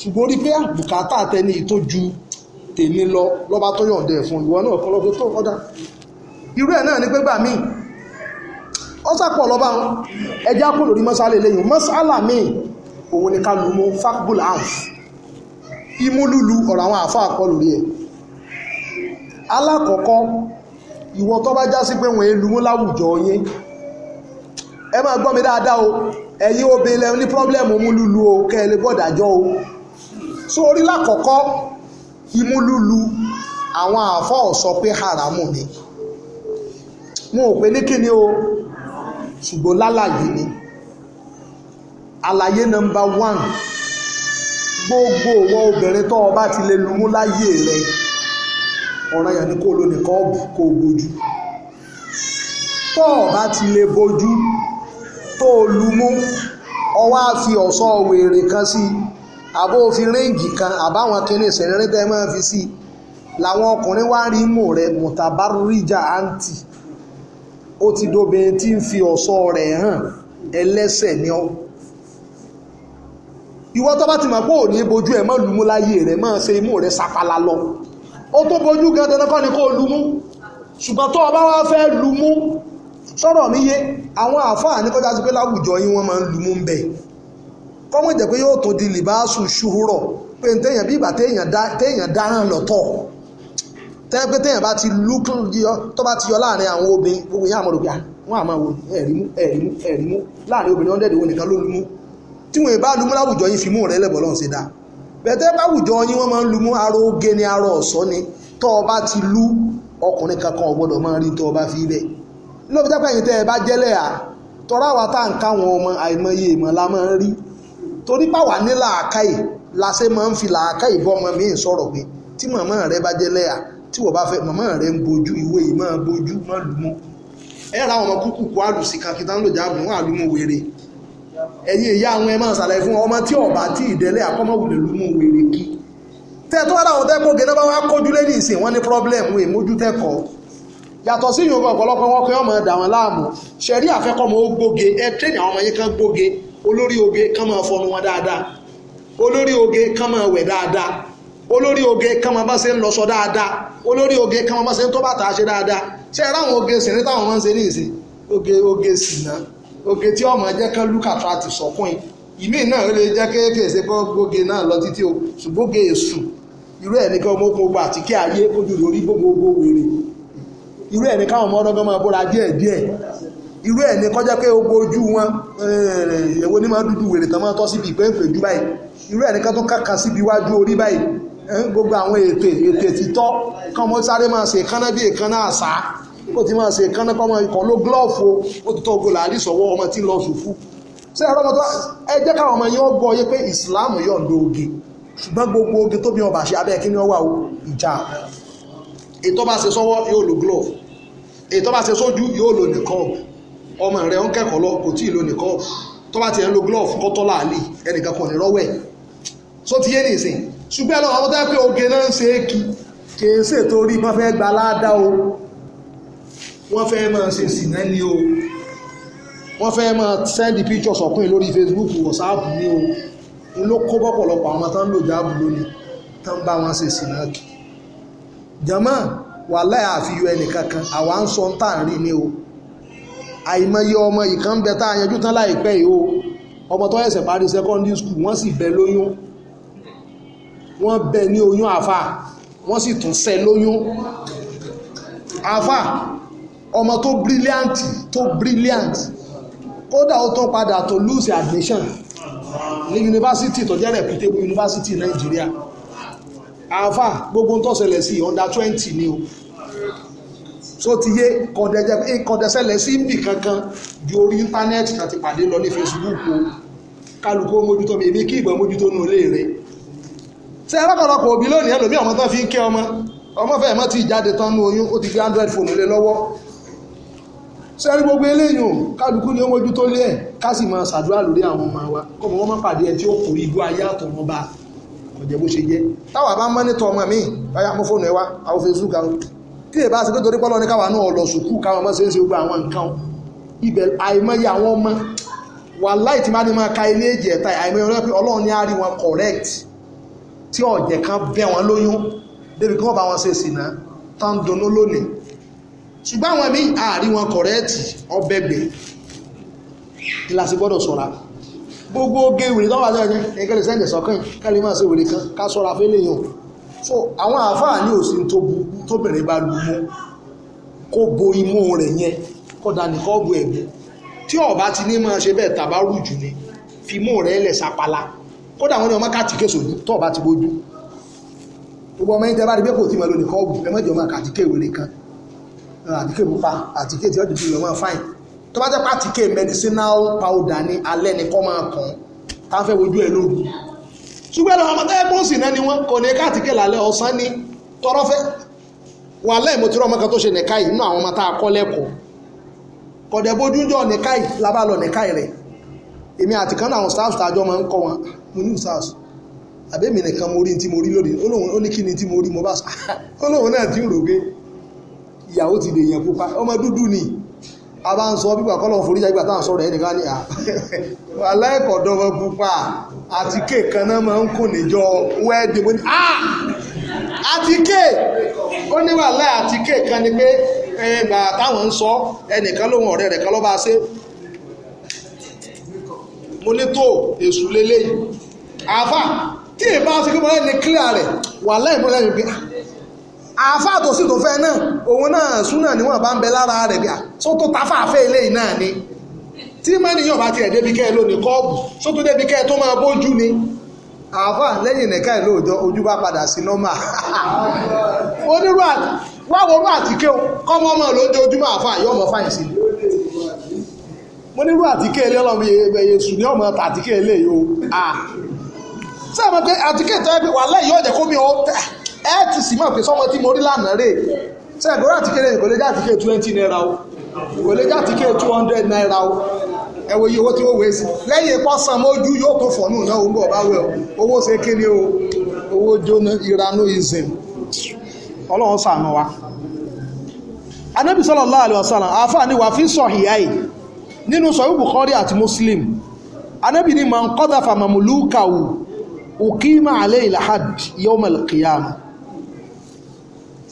[SPEAKER 1] ṣùgbọ́n rí pé àbùkátà ah, tẹni ìtójú tèmi lọ lọ́ba tó yọ̀ǹda fún ìwọ náà kọ́ lọ́gbẹ́ tó kọ́dá irú ẹ̀ náà ni pé gbà míì ọ́sàpọ̀ lọ́ba ẹjẹ́ àpò lórí mọ́sálà lẹ́yìn mọ́sálà òun ni ká lu mú fákbùl lulu ọ̀rọ̀ àwọn ẹ̀ alákọ̀ọ́kọ́ ìwọ tó bá já sí pé wọ́n èlú mú láwùjọ yín ẹ máa gbọ́ mi dáadáa o ẹ̀yin obìnrin lẹ́nu ní pírọ́blẹ́mù omúlùlù o kẹ́ ẹ lè bọ́ dájọ́ o so orí lákọ̀ọ́kọ́ imúlùlù àwọn àáfọ̀ sọ pé haramu ni wọn ò pé ní kíni o ṣùgbọ́n lálàyé ni àlàyé number one gbogbo wọn obìnrin tó o bá ti lè lumú láyé rẹ̀ ọ̀ràn yẹn ni kó ló ní kọ́ọ̀bù kó o bójú tó o bá ti lè bójú tó o lu mú ọwọ́ á fi ọ̀ṣọ́ wèrè kan sí i àbó òfin ríǹgì kan àbáwọn kìíní ìṣẹ̀rẹ́rẹ́ tẹ́ máa fi sí i làwọn ọkùnrin wá rí mò rẹ mùtàbárìjà àǹtì ó ti dobìnrin tí ń fi ọ̀ṣọ́ rẹ̀ hàn ẹlẹ́sẹ̀ ni ọ́ ìwọ tó bá ti mọ̀ pé ò ní ẹ̀ mọ́ lùmú láyé rẹ̀ máa ṣe imú rẹ̀ sapala lọ ó tó bojú gan dandan kọ́ ni kó lu mú ṣùgbọ́n tó ọba wá fẹ́ lu mú sọ̀rọ̀ mi yé àwọn àfáà ní kọjá sí pé láwùjọ yín wọ́n máa ń lu mú ń bẹ̀ kọ́mọ̀ jẹ́ pé yóò tó di lìbáṣù ṣúhúrọ̀ pé téèyàn bí ìgbà téèyàn dáràn lọ́tọ̀ tẹ́ pé téèyàn bá ti lúkùn tó bá ti yọ láàrin àwọn obìnrin gbogbo yẹn àmọ́ rògbà ah, wọ́n àmọ́ wo ẹ̀rí mú ẹ̀rí mú ẹ̀rí mú láàrin obìnrin 100 wo nìkan ló lu mú tí wọ́n bá lu láwùjọ yín fi mú rẹ̀ lẹ́bọ̀ lọ́hùn ṣe dáa bẹ̀tẹ́ báwùjọ yín wọ́n máa ń lu mú aró oge ni ara ọ̀sọ́ ni tọ́ ọ bá ti lú ọkùnrin kankan ò gbọ́dọ̀ máa rí tọ́ ọ bá fi bẹ́ẹ̀ ló fi jápẹ́ yìí tẹ́ ẹ bá jẹ́lẹ̀ à tọ́ra wa tá à ń káwọn ọmọ la máa ń rí la máa ń fi bọ́ tí màmá rẹ bá tí wọ́n bá fẹ́ màmá rẹ ń bojú ìwé yìí ra ọmọ kúkú kó àlùsí kan kí táwọn àbùn ẹ̀yin ìyá àwọn ẹmọ́ ìsàlẹ̀ fún ọmọ tí ọ̀bá tí ìdẹ́lẹ̀ àkọ́mọ̀wùlẹ̀ ló mú wèrè kí tẹ́ tó wádà ọ̀tẹ́ kó gẹ́nà bá wá kójú lé ní ìsìn wọ́n ní pọ́blẹ́mù èmójú tẹ́kọ̀ọ́ yàtọ̀ sí ìyókò ọ̀pọ̀lọpọ̀ wọn pé ọmọ dà wọn láàmú ṣẹ̀rí àfẹ́kọ́mọ ó gbóge ẹ tẹ́ni àwọn ọmọ yín kan gbóge olórí oge kan máa fọnu wọn dáadáa olórí oge kan máa wẹ̀ dáadáa olórí oge kan máa bá ṣe ń lọ́ṣọ dáadáa olórí oge kan máa bá ṣe ń tó bàtà ṣe dáadáa ṣe ẹ̀rọ àwọn oge sìn ní táwọn máa ń ṣe ní ìsìn oge oge sìn náà oge tí ọmọ jẹ́ kán ti sọ fún yín ìmí náà lè jẹ́ kéékèèsè pé gbóge náà lọ títí o ṣùgbóge èṣù irú ẹ̀ ní kí ọmọ ogun ogun àti kí ayé kójú lórí gbogbogbò wèrè irú ẹ̀ ní káwọn ọmọ ọdọ́gbọ́n máa bóra díẹ̀ díẹ̀ irú ẹ̀ ní kọjá pé ogun ojú wọn eh, èwo ní máa dúdú wèrè tán máa tọ́ síbi ìpéǹpé jù báyìí irú ẹ̀ ní ká tó kàkà síbi iwájú orí báyìí eh, gbogbo àwọn ètè ètè títọ́ kọ́mọ sáré máa ṣe ó ti máa ṣe kánná kọ́ ọmọ ikọ̀ ló glọ́ọ̀fù ó ti tọ́ ogo làálì sọ̀wọ́ ọmọ tí ń lọ ṣùfú ṣé ẹ̀rọ ọmọ tó ẹ jẹ́ káwọn ọmọ yẹn ó gbọ́ yé pé Islam yọ̀ǹda oge ṣùgbọ́n gbogbo oge tó bí wọn bá ṣe abẹ́ kí ni ó wà ó ìjà ètò bá ṣe sọ́wọ́ yóò lo glove ètò bá ṣe sójú yóò lo nìkan ọmọ rẹ̀ ń kẹ́kọ̀ọ́ lọ kò tí ì lo nìkan glove kọ́tọ́ láàlì ẹnìkan kò ní rọ́wẹ̀ só ti yé nìsín ṣùgbọ́n ẹ lọ́wọ́ àwọn tó yẹ pé oge wọ́n fẹ́ máa ṣe sìnà ni o wọ́n fẹ́ máa send pictures ọkùnrin lórí Facebook WhatsApp ni o n ló kó bọ́pọ̀lọpọ̀ àwọn tó ń lò jáàbù lónìí tó ń bá wọn ṣe sìnà kì jama wàláhì àfiyọ ẹnìkankan àwa ń sọ tá à ń rí ni o àìmọye ọmọ ìkan ń bẹ tá a yanjú tán láìpẹ́ yìí o ọmọ tó ẹsẹ̀ parí secondary school wọ́n sì bẹ lóyún wọ́n bẹ ní oyún àfà wọ́n sì tún ṣẹ́ lóyún àfà ọmọ tó brilliant tó brilliant kódà ó tún padà tó lose admission ní yunifásitì tó jẹ́ reputable yunifásitì nàìjíríà àáfà gbogbo ń tọ́sẹ̀lẹ̀ sí under twenty ni o so ti yé kọ̀dẹ̀sẹ̀lẹ̀ eh, sí ibì kankan ju orí íńtánẹ́ẹ̀tì àti pàdé lọ ní facebook o kálukú mójútó mi èmi kí ìgbà mójútó nù lé rẹ̀ ṣe alákọ̀ọ́lọpọ̀ òbí lónìí ẹlòmí ọmọ tán fi ń kẹ́ ọmọ ọmọ fẹ́ẹ̀ mọ́ ti jáde tán nú oyún ó ti gbé android phone lé lọ́wọ́ sẹ́rí gbogbo eléyìn kálukú ni ó mójú tó lé ẹ̀ ká sì máa ṣàdúrà lórí àwọn ọmọ wa kọ́mọ wọn máa pàdé ẹ tí ó kò rí ibú ayé àtọ̀run bá ọ̀jẹ̀ bó ṣe jẹ́ táwa bá mọ́ nítorí ọmọ mi báyà mú fóònù ẹ wá àwọn facebook àwọn tí èbá ṣe nítorí pọ́lọ́ ní káwa náà lọ sùkú káwọn ọmọ ṣe ń ṣe gbogbo àwọn nǹkan ibẹ̀ àìmọye àwọn ọmọ wà láì tí má ní máa ka ilé èjì ẹ̀ta àìmọye ọlọ́ pé ọlọ́run ní á rí wọn ṣùgbọ́n àwọn ẹ̀mí ààrí wọn kọ̀rẹ́ẹ̀tì ọbẹ̀gbẹ̀ ìlàsí gbọ́dọ̀ ṣọ́ra gbogbo oge ìwèrè tọ́wọ́ àjọ ẹ̀yìn ẹgbẹ́lẹ̀ sẹ́ǹdẹ̀ sọ́kàn kẹ́lẹ̀ máa ṣe ìwèrè kan ká ṣọ́ra fẹ́lẹ̀ yàn so àwọn àáfàá ní òsì tó bẹ̀rẹ̀ bá lu mú kó bo imú rẹ̀ yẹn kó dání kó bu ẹ̀gbẹ́ tí ọba ti ní máa ṣe bẹ́ẹ̀ tàbá rù jù ni fi imú rẹ̀ lẹ̀ sapala kódà wọn ni ọmọ káàtì késo yìí tọ́ọ̀bá gbogbo ọmọ yìí tẹ́ bá rí bẹ́ẹ̀ kò tí ma lónìí kọ́ọ̀bù ẹ mọ́jọ́ máa kàtíkẹ́ ìwèrè kan àtíkè pupa àtíkè tí wọ́n ti fi ìwọ̀n fáìn tó bá jẹ́ pé àtíkè medicinal powder ní alẹ́ ni kọ́ máa kàn tá a fẹ́ wojú ẹ̀ lóru ṣùgbọ́n àwọn ọmọ tẹ́lẹ̀ pọ́ǹsì náà ni wọ́n kò ní káàtíkè lálẹ́ ọ̀sán ni tọrọ fẹ́ wà lẹ́yìn mo ti rí ọmọ kan tó ṣe nìka yìí nínú àwọn ọmọ tá a kọ́ lẹ́kọ̀ọ́ kọ̀dẹ̀ bójú jọ nìka yìí lábá lọ nìka yìí rẹ̀ èmi àti kan náà àwọn staff tàjọ máa ń kọ́ wọn mo ní staff àbẹ́mi nìkan mo rí ní tí mo rí lónìí ó ní kí ni tí mo rí mo bá sọ ah, ó lóun náà ti ń rògbé ìyàwó ti dè yẹn pupa ọmọ dúdú ni a bá ń sọ bí pàkọ́ lọ́wọ́ foríjà ìgbà táwọn sọ̀rọ̀ ẹnìkan ni aláìkọ̀dọ̀ ọmọ pupa àti kéèkan náà máa ń kùn níjọ wẹ́ẹ̀dì mo ní àti kéè ó níwà láì àti kéèkan ni pé ẹgbà táwọn ń sọ ẹnìkan lóhun ọ̀rẹ́ rẹ̀ kan lọ́ba ṣe mo ní tó èṣù lélẹ́yìn àáfà tí èèbá ṣe kí mo lẹ́ni kílíà rẹ̀ wà láì mo afaa tó sì tó fẹ́ náà òun náà súnà bá ń bẹ lára rẹ̀ ni tí mẹ́niyàn bá tiẹ̀ débi kẹ́ lónìí kọ́ọ̀bù tó débi tó máa bójú ni àáfà lẹ́yìn nìka ẹ̀ lóòjọ́ ojú bá padà sí nọ́mà <laughs> onírú wáworú àtìkẹ́ kọ́mọ́ mọ́ lójoojúmọ́ àáfà yóò mọ́ fáyìn sí mo nírú àtìkẹ́ ilé ọlọ́mọ yẹsù ní ọmọ o pé tẹ́ kó mi ọ́ ẹ ti sì mọ̀ pé sọ́mọ tí mo rí lánàá rè ṣe ìgbóra àtìkéré kò lè já àtìké twenty naira o kò lè já àtìké two hundred naira o ẹ wo iye owó tí ó wé sí lẹ́yìn ipò san mójú yóò tó fọ̀nù náà ó ń bọ̀ báwẹ̀ o owó ṣe kéde o owó jóná ìranú ìsìn ọlọ́run ṣàánú wa anábì sallallahu alaihi wasallam àfáà ni wà fi sahihai nínú sọ̀rọ̀ bukhari àti muslim anábì ni man qadhafa mamlukahu uqima alayhi al-hadd yawm al-qiyamah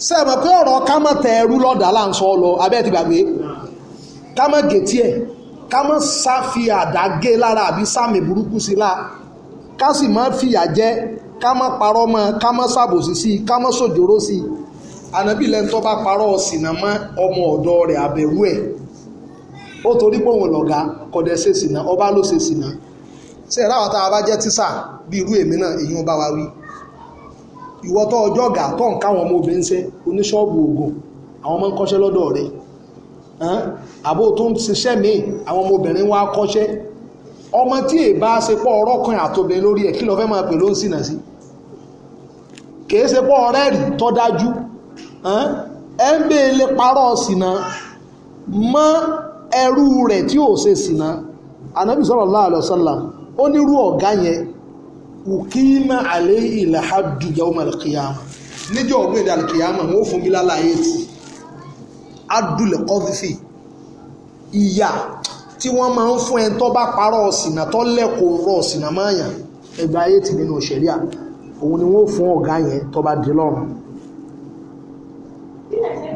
[SPEAKER 1] sẹ́mọ̀ pé ọ̀rọ̀ ká mọ̀ tẹ ẹrú lọ́dà là ń sọ lọ abẹ́ ti gbàgbé ká mọ̀ gètì ẹ̀ ká mọ̀ sáfi àdágé lára àbí sáàmì burúkú sí la ká sì mọ̀ fìyà jẹ ká mọ̀ parọ́ mọ́ ká mọ̀ sàbòsí sí i ká mọ̀ sòjòrò sí i ànábì lẹ́ni tó bá parọ́ sìnà mọ́ ọmọ ọ̀dọ́ rẹ̀ àbẹ̀rú ẹ̀ ó torí pé òun lọ̀gá kọ̀dẹ̀ ṣe sìnà ọba ló ṣe sìnà ṣe ìráwọ̀ tísà bí irú èmi náà èyí ń bá wa wí ìwọ tó ọjọ́ ọ̀gá tó ń káwọn ọmọ obìnrin ṣe oníṣọ́ọ̀bù oògùn àwọn ọmọ ń kọ́ṣẹ́ lọ́dọ̀ rẹ̀ àbó tó ń ṣiṣẹ́ míì àwọn ọmọbìnrin wá kọ́ṣẹ́ ọmọ tí èbá ṣe pọ̀ ọ̀rọ̀ kan àtòbìnrin lórí ẹ̀ kí lọ fẹ́ máa pè ló ń sìnà sí kìí ṣe pọ̀ ọ̀rẹ́ rí tọ́ dájú ẹ ń bè lè parọ́ sìnà mọ́ ẹrú rẹ̀ tí ò ṣe sìnà ànábì sallallahu alaihi wasallam ó nírú ọ̀gá yẹn òkìímà àlẹ́ ìlà hadu yawma alkiyama níjọ́ ọ̀gbìn ìdá alkiyama wọ́n fún bí lálàyé tì adúlẹ̀ kọ́fífì ìyà tí wọ́n máa ń fún ẹ tó bá parọ́ ọ̀sìnà tó lẹ́kọ̀ọ́ rọ̀ ọ̀sìnà máa yàn ẹgbẹ́ ayé tì nínú òṣèlú à ni wọ́n fún ọ̀gá yẹn tó bá dé lọ́rùn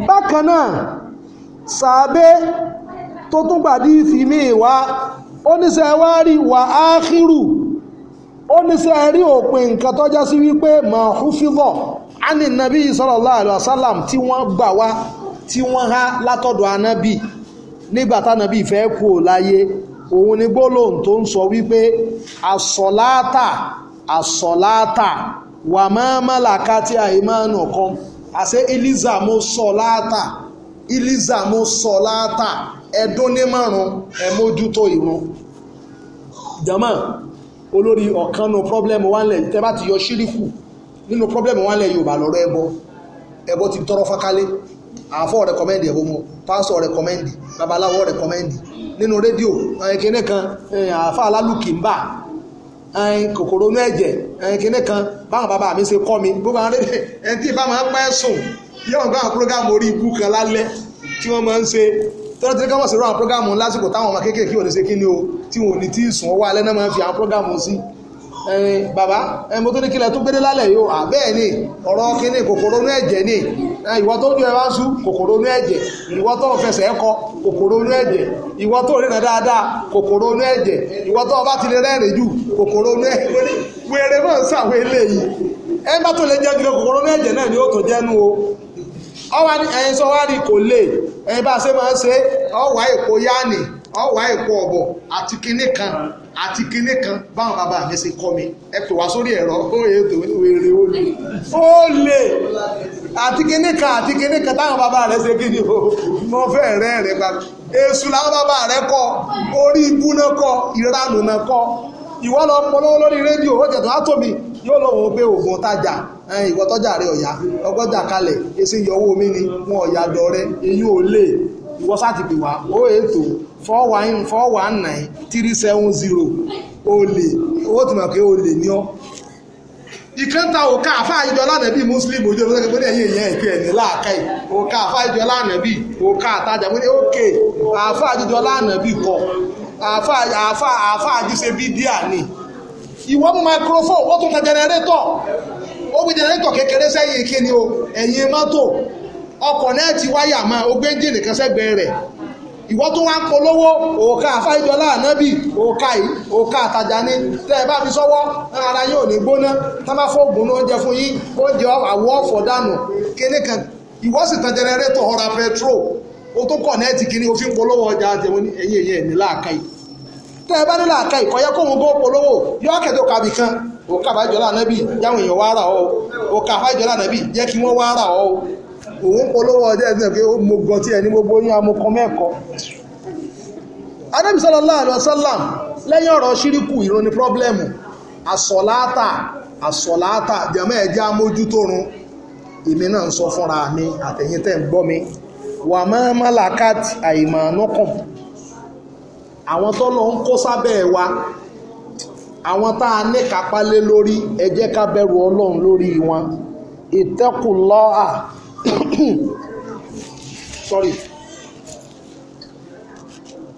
[SPEAKER 1] bákan náà sàábé tó tún gbàdí ìfìmí wa ó ní sẹ́wárí wà áhírù onise ní sẹ́ rí òpin nǹkan tọ́já sí wípé mahufidọ̀ ani nabi sallallahu alaihi wasallam tí wọ́n gbà wá tí wọ́n há látọ̀dọ̀ anábì nígbà tánábì fẹ́ kú ò láyé òun ni gbólóhùn tó ń sọ wípé àsọ̀láátà àsọ̀láátà wà máa málàká tí àìmánu kan àṣẹ eliza mo sọ láátà eliza mo sọ láátà ẹdún ní márùn ẹ mójútó jama olórí ọ̀kan nínú problem wa ńlẹ̀ tẹ́ bá ti yọ ṣíríkù nínú problem wa ńlẹ̀ Yorùbá lọ́rọ̀ ẹbọ ẹbọ ti tọrọ fákálé àfọ́ rẹ̀kọ́mẹ́ndì ẹ̀bọ mu pásọ̀ rẹ̀kọ́mẹ́ndì babaláwo rẹ̀kọ́mẹ́ndì nínú rédíò ẹ̀kẹ́ni kan àfọ́ alálùkì ń bà kòkòrò inú ẹ̀jẹ̀ ẹ̀kẹ́ni kan báwọn bàbá mi ṣe kọ́ mi gbogbo àwọn rédíò ẹ̀ tí ì bá máa pẹ́ sùn yóò gbọ́ àwọn púrógámù orí ibú kan lálẹ́ tí wọ́n máa ń ṣe tọ́lá tí káwọn sọ̀rọ̀ àwọn prógámù lásìkò táwọn ọmọ kéékèèké ò lè ṣe kí ní o tí wọn ní tí sùn ọwọ́ alẹ́ náà máa fi àwọn prógámù sí bàbá mo tó ní kílẹ̀ tó gbédé lálẹ̀ yóò àbẹ́ẹ̀ ni ọ̀rọ̀ kíní kòkòrò ẹ̀jẹ̀ ni tó ń sú kòkòrò ẹ̀jẹ̀ tó fẹsẹ̀ kòkòrò ẹ̀jẹ̀ tó rìnà dáadáa kòkòrò ẹ̀jẹ̀ tó bá ti lè rẹ́rìn jù kòkòrò ẹ̀jẹ̀ ń eléyìí ẹ bá tó lè jẹ́ ni ó tó jẹ́nu o ẹ̀yin sọ wá kò ẹ bá ma ṣe máa ikpo ṣe ọwà èpo ọbọ ọwà atikinikan ọ̀bọ̀ kọ mi ṣe kọ́ mi ẹ pè sórí ẹ̀rọ ó yẹ tó wéré ó lè ó lè o mo fẹ́ rẹ́ rẹ́ gba èṣù làwọn rẹ kọ orí ibú náà kọ ìranù náà kọ ìwọ lọ lórí rédíò ó ìwọ tọ́jà rẹ ọ̀yá ọgọ́jà kalẹ̀ èsì yọ owó ni wọn ọ̀yà dọ̀rẹ́ eyín ò lè ìwọ sáti wá o ètò four one four one nine three seven zero olè ní ọ́ muslim ojú ọmọdé òkà àfáàjọ lánàbí òkà àtàjà ní òkè àfáàjọ lánàbí kọ àfáàjọ ṣe ni microphone wọ́n tún ó gbé kékeré sẹ́yìn kíni o ẹ̀yìn mọ́tò ọkọ̀ náà ti wáyà máa ó gbé jíìnì kan sẹ́gbẹ̀ẹ́ rẹ̀ ìwọ tó wá ń polówó òòkà àfáìjọlá ànábì òòkà yìí òòkà àtàjà ni tẹ ẹ bá fi sọ́wọ́ ara yóò ní gbóná tá bá fóògùn ní oúnjẹ fún yín dànù o tó o polówó ọjà ẹ̀yìn ẹ̀yìn ẹ̀ tẹ́ ẹ bá nílò àka ìkọ́yẹ́ kóhun bó polówó yọ kẹ́tọ́ kàbì kan òkà bá jọlá ànábì yáwọn èèyàn wá rà ọ́ òkà bá jọlá ànábì jẹ́ kí wọ́n wá rà ọ́ òun polówó ọjọ́ ẹ̀sìn pé ó mo gọ tí ẹni gbogbo ní amọkọ mẹ́ẹ̀kọ́. ànábì sallallahu alaihi wasallam lẹ́yìn ọ̀rọ̀ ṣíríkù ìrònú pírọ́blẹ́mù àsọ̀láàtà àsọ̀láàtà jẹ̀mọ́ ẹ̀já mójútórun èmi náà ń sọ fúnra mi àtẹ̀yìn tẹ̀ ń gbọ́ mi wà máa má làkàtì àwọn tọ́lọ ń kó sábẹ́ wa àwọn tá a ní kápálé lórí ẹ jẹ́ ká bẹ̀rù ọlọ́run lórí wọn ìtẹ́kùlọ́à <coughs> sorry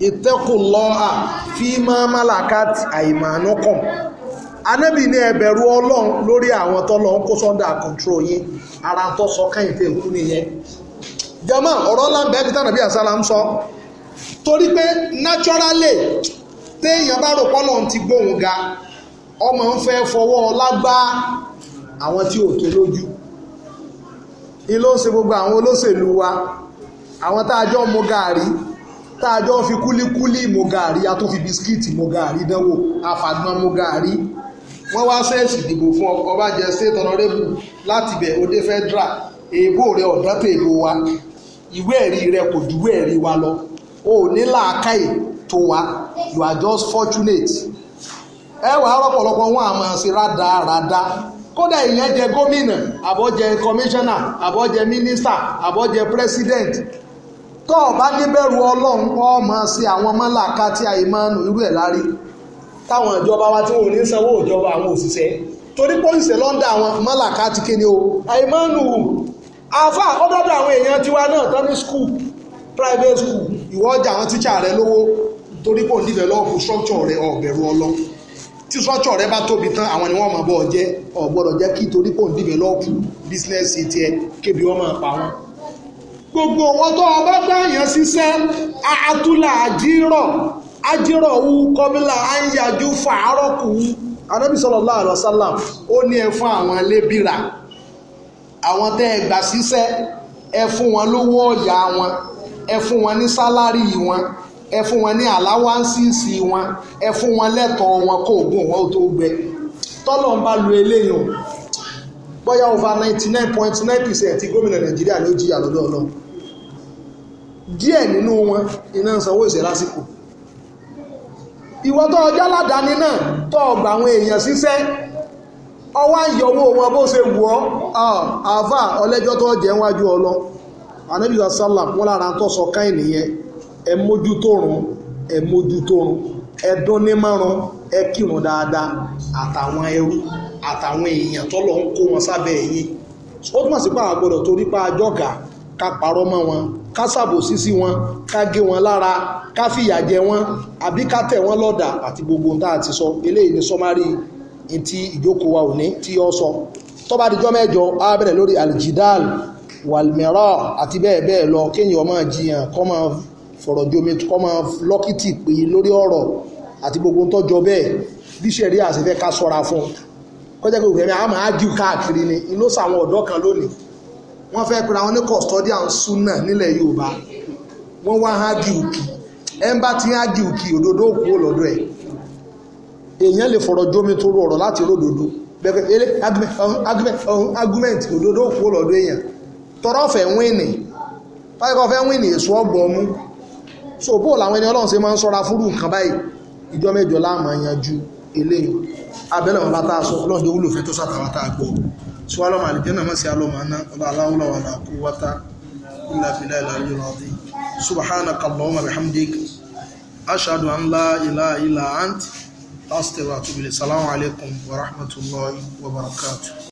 [SPEAKER 1] ìtẹ́kùlọ́à fi máa málákàtì àìmánúkàn anábì ní ẹ bẹ̀rù ọlọ́run lórí àwọn tọ́lọ ń kó sọ́ndà control yín ara tó sọ káyìn tẹ̀ kú nìyẹn jama ọ̀rọ̀ ńlá ń bẹ́ẹ̀ bí tànàbí àsálà ń sọ torí pé naturally téèyàn bá rò pọ́lọ̀ ti gbóhùn ga ọmọ ń fẹ́ fọwọ́ lágbá àwọn tí ò tó lójú ilé ó ṣe gbogbo àwọn olóṣèlú wa àwọn táàjọ́ mo gààrí táàjọ́ fi kúlíkúlí mo gààrí a tó fi bisikíìtì mo gààrí dánwò àfàgbọ́n mo gààrí wọ́n wá sẹ́ẹ̀sì dìbò fún ọba jẹ state honorable láti bẹ̀ òde federal èèbò rẹ ọ̀dọ́tẹ̀ èèbò wa ìwé ẹ̀rí rẹ kò júwé ẹ̀rí wa lọ o ní làákàyè tó wá you are just fortunate ẹ wà á rọpọlọpọ wọn àmọ́ sí rádaràda kódà ìyẹn jẹ gómìnà àbọ̀jẹ kọmíṣánná àbọ̀jẹ mínísítà àbọ̀jẹ pírẹsidẹǹtì tó o bá níbẹ̀rù ọlọ́run ọmọ sí àwọn mọ́làká tí a máa ń irú ẹ̀ lárí táwọn ìjọba wa tí wọn ò ní sanwó ìjọba àwọn òṣìṣẹ́ torí pọ́lìsì lọ́ndà àwọn mọ́làká ti kéde o àìmọ́nù àfà ọ̀dọ́dọ̀ àwọn èèyàn tiwa náà tán ní skul private school ìwọ ọjà àwọn tíṣà rẹ lówó torí kò develop structure rẹ ọ̀bẹ̀rù ọlọ́run tí structure rẹ bá tóbi tán àwọn ni wọ́n máa bọ̀ jẹ́ ọ̀gbọ́dọ̀ jẹ́ kí torí kò develop business tiẹ̀ kébi wọ́n máa pa wọ́n. gbogbo wọn tó ọba dáyàn ṣiṣẹ́ àtúlà àjírọ̀ àjírọ̀ wú kọ́mílà àyàjú fàárọ̀ kù wú anábì sallallahu alaihi wasallam ó ní ẹ fún àwọn lébìrà àwọn tẹ́ ẹ gbà ṣiṣẹ́ ẹ fún wọn lówó ọ̀yà wọn ẹ fún wọn ní sálárì wọn ẹ fún wọn ní àláwáńsìsì wọn ẹ fún wọn lẹ́tọ̀ọ́ wọn kó oògùn wọn tọ́lọ̀ ń lu eléyìí ninety nine point nine percent ti gómìnà nàìjíríà ló jìyà lọ́dọ̀ ọlọ́run díẹ̀ nínú wọn iná sanwó ìṣẹ́ lásìkò ìwọ ọjọ́ ládàáni náà tó ọgbà àwọn èèyàn ṣiṣẹ́ ọwọ́ àyọwó wọn bó ṣe wù ah, àáfà ọlẹ́jọ́ tó anabi sallam wọn lára tó sọ káyìn nìyẹn ẹ mójú tó rùn ẹ mójú tó rùn ẹ dún ní márùn ẹ kírun dáadáa àtàwọn ẹrú àtàwọn èèyàn tó lọ ń kó wọn sábẹ́ ẹ̀yìn ó túmọ̀ sí pàwọn gbọ́dọ̀ torí pa àjọgà ká parọ́ mọ́ wọn ká ṣàbòsí sí wọn ká gé wọn lára ká fìyà jẹ wọn àbí ká tẹ̀ wọ́n lọ́dà àti gbogbo ohun tá a ti sọ eléyìí ni sọmárì ti ìjókòó wa òní tí ó sọ tó bá mẹ́jọ á bẹ̀rẹ̀ lórí aljidal wàlmírà àti bẹ́ẹ̀ bẹ́ẹ̀ lọ kéèyàn ọmọ jiyàn kọ́ máa fọ̀rọ̀ jomi kọ́ máa lọ́kìtì pé lórí ọ̀rọ̀ àti gbogbo tó jọ bẹ́ẹ̀ bí sẹ̀rí àṣẹ fẹ́ ká sọ́ra fún kọjá pé òkèèrè àmọ́ ájú káàkiri ni ló sàwọn ọ̀dọ́ kan lónìí wọ́n fẹ́ pera wọn ní custodian sunna nílẹ̀ Yorùbá wọ́n wá ájú kì ẹ̀ńbà tí ájú kì òdodo kú lọ́dọ̀ ẹ̀ èèyàn lè fọ̀rọ̀ jomi tó rọrọ̀ láti ródòdó bẹ́ẹ̀ argument òdodo kú lọ́dọ̀ èèyàn tọrọfẹ wíìnì fáyọkọfẹ wíìnì èso ọgbọ́n mú so bó làwọn ẹni Ọlọ́run ṣe máa ń ṣọ́ra fúrú nǹkan báyìí ìjọ mẹ́jọ láàmú yanjú eléyìí abẹ́lẹ̀ wọn látà sọ Ọlọ́run tó wúlò fẹ́ tó sàtàwátà gbọ́ سؤال ما الجنة ما سيالو معنا ولا حول ولا قوة إلا بالله العلي العظيم سبحانك اللهم بحمدك أشهد أن لا إله إلا أنت أستغفرك السلام عليكم ورحمة الله وبركاته